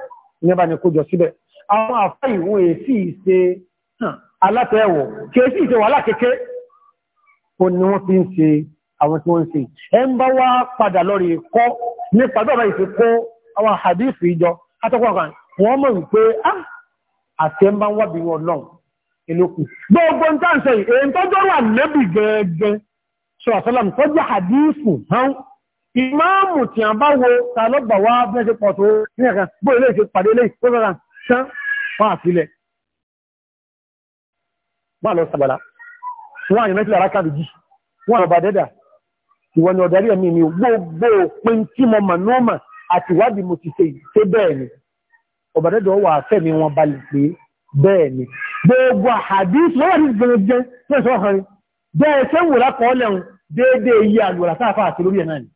ní ní kójọ síbẹ̀ àwọn àfá ìwọ̀n èsì ìṣe alátẹ́ẹ̀wọ̀ kéèsì ìṣe wà lákéké o ni wọ́n fi ń ṣe àwọn tí wọ́n ń ṣe ẹ ń bá wá padà lórí kọ́ nípa bẹ́ẹ̀ ìṣe kó àwọn àdífì ìjọ atọ́kọ̀ọ̀kan wọ́n mọ̀ wípé ah, àti ẹ ìlókù gbogbo ń tàn sẹ́yìn èyí tó jọ́rọ̀ ànẹ́bì gẹ́gẹ́ sọ̀rọ̀sọ́lọ́m tó jẹ́ àdífù hàn ìmáàmù tí a bá wo tàlọ́gbà wá bẹ́ẹ̀ṣẹ́ pọ̀ tó ní ẹ̀kan bó ilé ìṣe pàdé ilé ìpínlẹ̀ sán wọ́n àfilẹ̀ wọ́n lọ sàbàlá wọ́n àyàn mẹ́tìlá ara kàbìjì wọ́n lọ bà dẹ́dà ìwọ ni ọ̀darí ẹ̀mí mi gbogbo òpin tí mo mà nọ́ọ̀mà àti ìwádìí mo ti ṣe bẹ́ẹ̀ ni ọ̀bàdẹ́dà wà fẹ́mi wọn balẹ̀ pé bẹ́ẹ̀ ni gbogbo àdíṣù lọ́wọ́ ní ìgbẹ̀rẹ̀ jẹ́ tí ẹ̀ṣọ́ ọ̀hán bẹ́ẹ̀ ṣe ń wòlá kọ́ lẹ́hun déédé iye àlùwàlá sáàfà àti lórí ẹ̀nà ni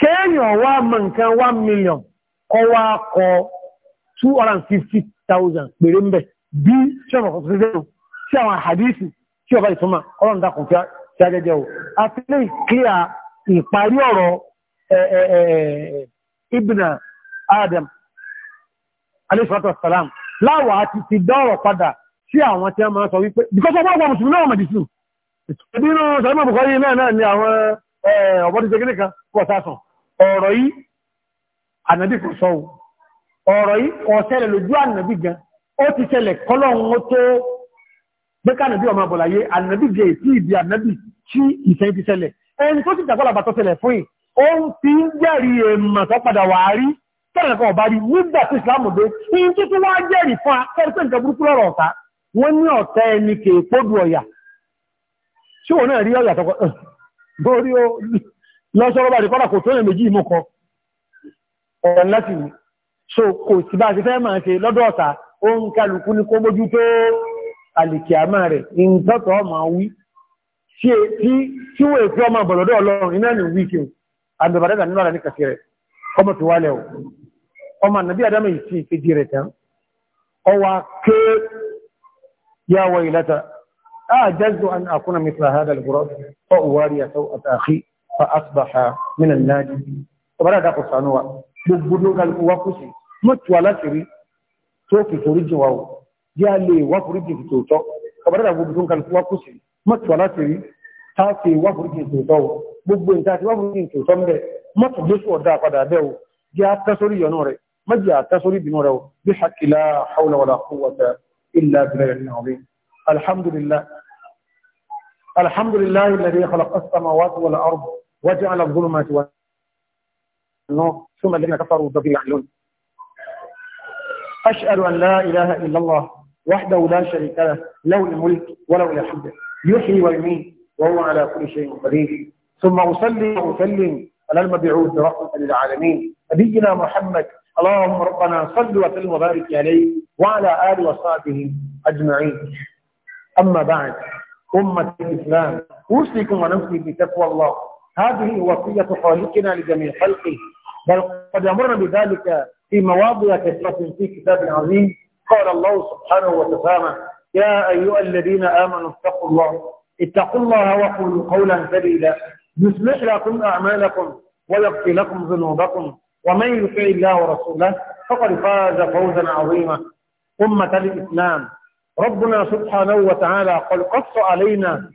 kéèyàn wá mọ̀ nǹkan 1 million kọ́ wá kọ 250,000 ń bẹ̀ bí ṣọ́nà aléṣọ́tọ̀ sàlám láwàá ti ti dọ́rọ̀ padà sí àwọn tí a máa sọ wípé because of ọgbọ́n mùsùlùmí náà mọ̀dí sí nínú sàlẹ́mọ̀ bùkọ́rí náà náà ni àwọn ọ̀bọ́dí ṣe kíníkan kò sásàn ọ̀rọ̀ yìí ànàbí kò sọ ọ̀rọ̀ yìí kò ṣẹlẹ̀ lójú ànàbí gan ó ti ṣẹlẹ̀ kọ́lọ́hún tó gbé kànàbí ọmọ abọ̀láyé ànàbí jẹ ìtí ìdí ànàbí tí ìṣẹ́ ti ṣẹlẹ̀ ẹni tó sì tẹ́lẹ̀kọ́ ọ̀bá rí nígbà tí ìsìlámù dé in tó tó wá jẹ́rìí fún akẹ́rẹ́sẹ́ nǹkan burúkú lọ́rọ̀ ọ̀tá wọ́n ní ọ̀tá ẹni kèé pódù ọ̀yà tí wọ́n náà rí ọ̀yà tọ́kọ́ lórí ó lọ́sọ́rọ́ bá rí kọ́dà kò tó yẹn méjì mú kọ ọ̀rọ̀ láti wù so kò sì bá a ti fẹ́ máa ṣe lọ́dọ̀ ọ̀tá ó ń kálukú ní kó mójú tó àlìkìámà rẹ̀ ìǹtọ́tọ̀ ọmọ wí tí e, wọ́n èkó ọmọ àbọ̀lọ́dọ̀ ọlọ́run iná ní wíkì àbẹ̀bàdàgà nínú àrà kàṣẹ rẹ̀ ọmọ tó wálẹ̀ o ọmọ ànàbí àdámà yìí ti ìkejì rẹ̀ tán ọwà ké yàwó ìlàta àjẹ́zù an àkúnà mithla hada al-ghurab fa uwari ya sau at akhi fa asbaha min an-nadi ọbára dákò sanuwa gbogbo ló ga wá kú sí mọ́tù aláṣìírí tó fi torí jìn wa o yá lè wá forí jìn fi tòótọ́ ọbára dákò gbogbo ló ga wá kú sí mọ́tù aláṣìírí fi wá forí jìn tòótọ́ o gbogbo nǹkan àti wá forí jìn tòótọ́ ń bẹ̀ mọ́tù jésù ọ̀dà padà bẹ́ o yá tẹ́sórí yọ̀nù rẹ̀ مجا تسوري بنوره بحق لا حول ولا قوة إلا بالله العظيم الحمد لله الحمد لله الذي خلق السماوات والأرض وجعل الظلمات والنور ثم الذين كفروا به يحلون أشهد أن لا إله إلا الله وحده لا شريك له له الملك وله الحمد يحيي ويميت وهو على كل شيء قدير ثم أصلي وأسلم على المبعوث رحمة للعالمين نبينا محمد اللهم ربنا صل وسلم وبارك عليه وعلى آله وصحبه أجمعين أما بعد أمة الإسلام أوصيكم ونفسي بتقوى الله هذه وصية خالقنا لجميع خلقه بل قد أمرنا بذلك في مواضع كثيرة في كتاب عظيم قال الله سبحانه وتعالى يا أيها الذين آمنوا اتقوا الله اتقوا الله وقولوا قولا سبيلا يصلح لكم أعمالكم ويغفر لكم ذنوبكم ومن يطع الله ورسوله فقد فاز فوزا عظيما أمة الإسلام ربنا سبحانه وتعالى قد قص علينا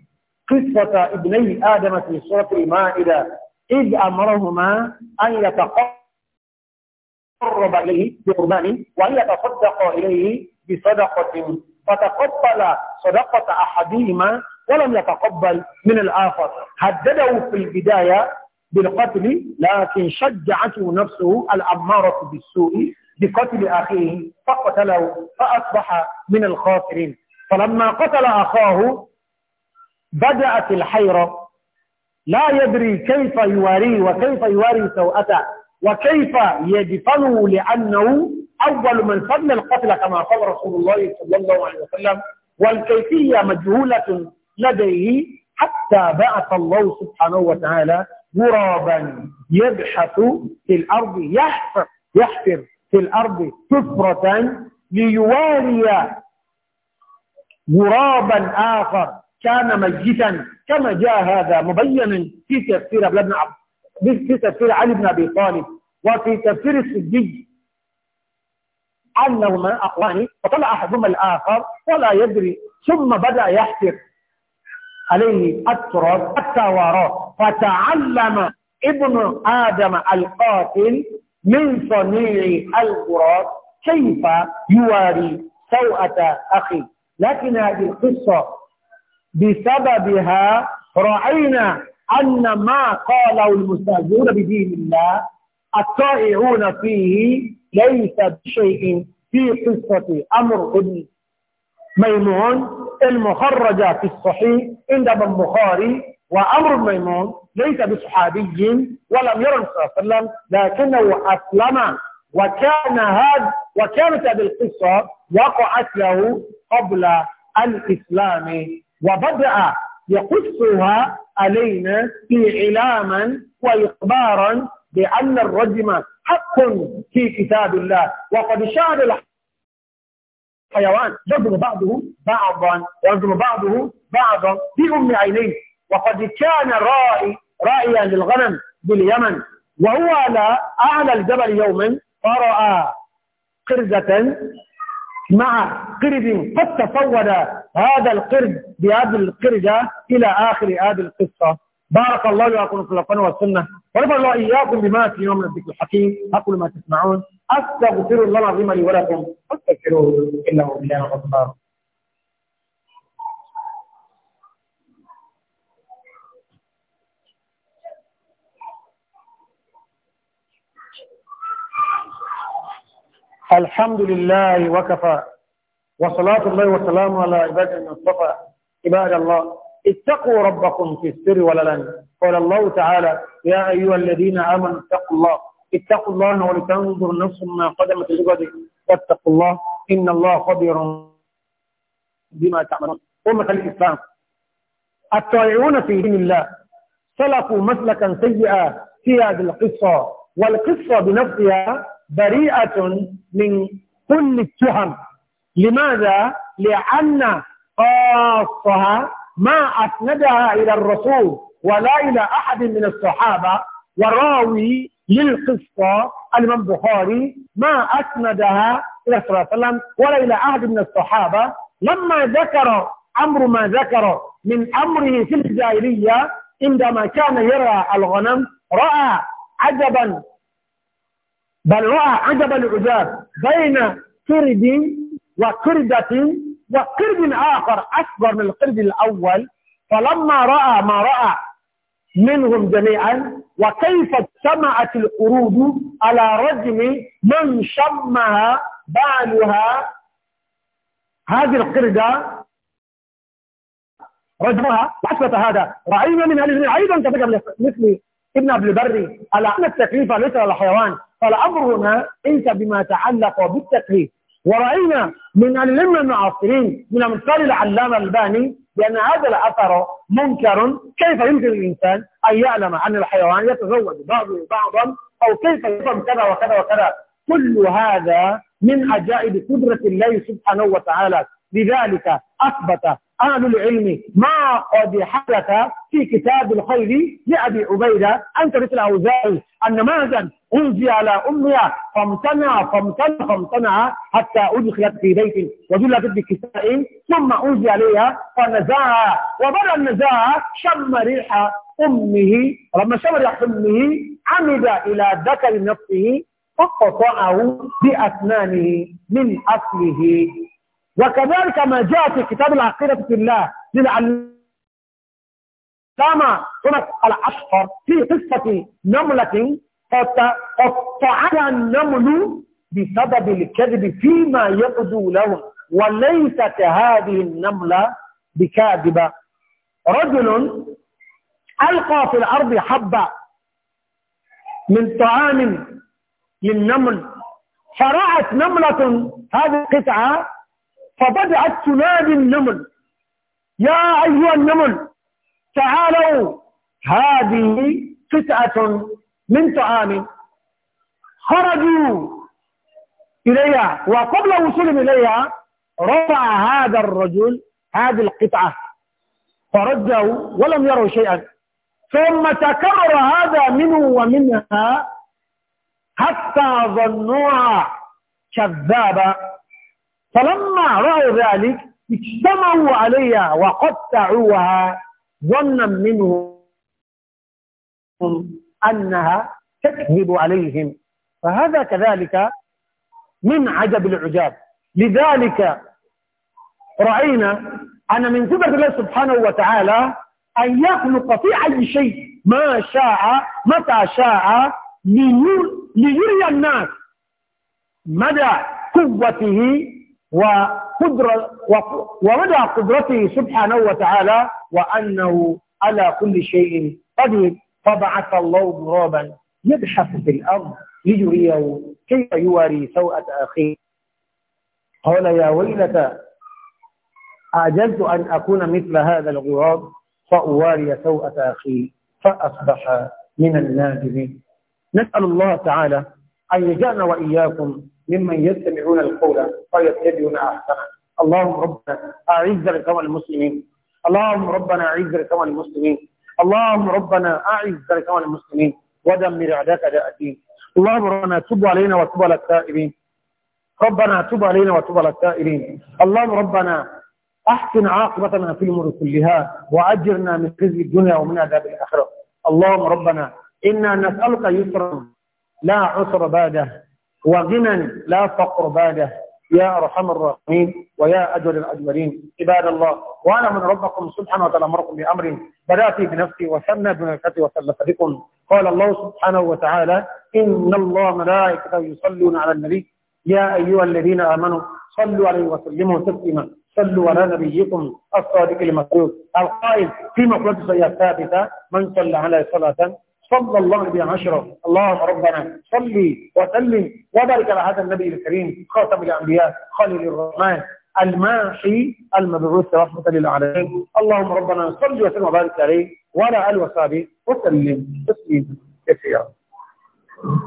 قصة ابني آدم في سورة المائدة إذ أمرهما أن يتقرب إليه بقربان وأن يتصدق إليه بصدقة فتقبل صدقة أحدهما ولم يتقبل من الآخر هدده في البداية بالقتل لكن شجعته نفسه الأمارة بالسوء بقتل أخيه فقتله فأصبح من الخاسرين فلما قتل أخاه بدأت الحيرة لا يدري كيف يواريه وكيف يواري سوءته وكيف يدفنه لأنه أول من سن القتل كما قال رسول الله صلى الله عليه وسلم والكيفية مجهولة لديه حتى بعث الله سبحانه وتعالى غرابا يبحث في الأرض يحفر يحفر في الأرض حفرة ليواري غرابا آخر كان ميتا كما جاء هذا مبينا في تفسير ابن في تفسير علي بن أبي طالب وفي تفسير السجي أنهما أخواني فطلع أحدهما الآخر ولا يدري ثم بدأ يحفر عليه التراب حتى فتعلم ابن آدم القاتل من صنيع القرآن كيف يواري سوءة أخي لكن هذه القصة بسببها رأينا أن ما قاله المستهزئون بدين الله الطائعون فيه ليس بشيء في قصة أمر بن ميمون المخرجة في الصحيح عند ابن بخاري وأمر الميمون ليس بصحابي ولم يرى النبي صلى الله عليه وسلم لكنه أسلم وكان هذا وكانت هذه القصة وقعت له قبل الإسلام وبدأ يقصها علينا إعلاما وإخبارا بأن الرجم حق في كتاب الله وقد شهد الحيوان يظلم بعضه بعضا يظلم بعضه بعضا في أم عينيه وقد كان رائي رائيا للغنم باليمن وهو على أعلى الجبل يوما فرأى قرزة مع قرد قد تصور هذا القرد بهذه القرده إلى آخر هذه القصة بارك الله لكم في القرآن والسنة ورفع الله إياكم بما في يوم من الذكر الحكيم أقول ما تسمعون أستغفر الله العظيم لي ولكم فاستغفروه إنه بالله غفار الحمد لله وكفى وصلاة الله وسلام على عباد المصطفى عباد الله اتقوا ربكم في السر وللن قال الله تعالى يا أيها الذين آمنوا اتقوا الله اتقوا الله ولتنظر نفس ما قدمت لغد واتقوا الله إن الله خبير بما تعملون أمة الإسلام الطائعون في دين الله سلكوا مسلكا سيئا في هذه القصة والقصة بنفسها بريئة من كل التهم لماذا؟ لأن خاصها ما أسندها إلى الرسول ولا إلى أحد من الصحابة وراوي للقصة الإمام بخاري ما أسندها إلى صلى الله عليه وسلم ولا إلى أحد من الصحابة لما ذكر أمر ما ذكر من أمره في الجاهلية عندما كان يرى الغنم رأى عجبا بل رأى عجب العجاب بين قرد وقردة وقرد آخر أكبر من القرد الأول فلما رأى ما رأى منهم جميعا وكيف اجتمعت القرود على رجم من شمها بالها هذه القردة رجمها وأثبت هذا رأينا من هذه العلم أيضا كتب مثل ابن عبد البر على أن التكليف ليس للحيوان فالأمر هنا إنت بما تعلق بالتكليف ورأينا من العلم المعاصرين من أمثال العلامة الباني بأن هذا الأثر منكر كيف يمكن الإنسان أن يعلم عن الحيوان يتزوج بعضه بعضا أو كيف يفهم كذا وكذا وكذا كل هذا من عجائب قدرة الله سبحانه وتعالى لذلك أثبت أهل العلم ما قد حدث في كتاب الخير لأبي عبيدة أنت مثل اوزاعي أن مازن أنزي على أمها فامتنع فامتنع فامتنع حتى أدخلت في بيت وجلت بكساء ثم أنزي عليها فنزاها وبدأ النزاع شم ريح أمه لما شم ريح أمه عمد إلى ذكر نفسه فقطعه بأسنانه من أصله وكذلك ما جاء في كتاب العقيدة في الله للعلامة هنا الأشهر في قصة نملة قطعها النمل بسبب الكذب فيما يبدو له وليست هذه النملة بكاذبة رجل ألقى في الأرض حبة من طعام للنمل فرأت نملة هذه القطعة فبدأت تنادي النمل يا أيها النمل تعالوا هذه قطعة من طعام خرجوا إليها وقبل وصولهم إليها رفع هذا الرجل هذه القطعة فرجوا ولم يروا شيئا ثم تكرر هذا منه ومنها حتى ظنوها كذابة فلما رأوا ذلك اجتمعوا عليها وقطعوها ظنا منهم أنها تكذب عليهم فهذا كذلك من عجب العجاب لذلك رأينا أن من قدرة الله سبحانه وتعالى أن يخلق في أي شيء ما شاء متى شاء ليري الناس مدى قوته وقدرة ومدى قدرته سبحانه وتعالى وأنه على كل شيء قدير فبعث الله غرابا يبحث في الأرض لجريه كيف يواري سوءة أخيه قال يا ويلتى أعجلت أن أكون مثل هذا الغراب فأواري سوءة أخي فأصبح من النادمين نسأل الله تعالى أن يجعلنا وإياكم ممن يستمعون القول فيتبعون احسنه اللهم ربنا اعز القوم المسلمين اللهم ربنا اعز القوم المسلمين اللهم ربنا اعز القوم المسلمين ودمر اعداءك اعداء الدين اللهم ربنا تب علينا وتب على التائبين ربنا تب علينا وتب على التائبين اللهم ربنا احسن عاقبتنا في الامور كلها واجرنا من خزي الدنيا ومن عذاب الاخره اللهم ربنا انا نسالك يسرا لا عسر بعده وغنى لا فقر بعده يا أرحم الراحمين ويا أجل الاجلين عباد الله وأنا من ربكم سبحانه وتعالى أمركم بأمر بدأت بنفسي وسمى بملكتي وسلف بكم قال الله سبحانه وتعالى إن الله ملائكته يصلون على النبي يا أيها الذين آمنوا صلوا عليه وسلموا تسليما صلوا على نبيكم الصادق المسعود القائل في مخلوق سيئة ثابتة من صلى على صلاة صلى الله عليه عشرة اللهم ربنا صلي وسلم وبارك على هذا النبي الكريم خاتم الأنبياء خليل الرحمن الماحي المبعوث رحمة للعالمين اللهم ربنا صلي وسلم وبارك عليه وعلى آله وصحبه وسلم تسليما كثيرا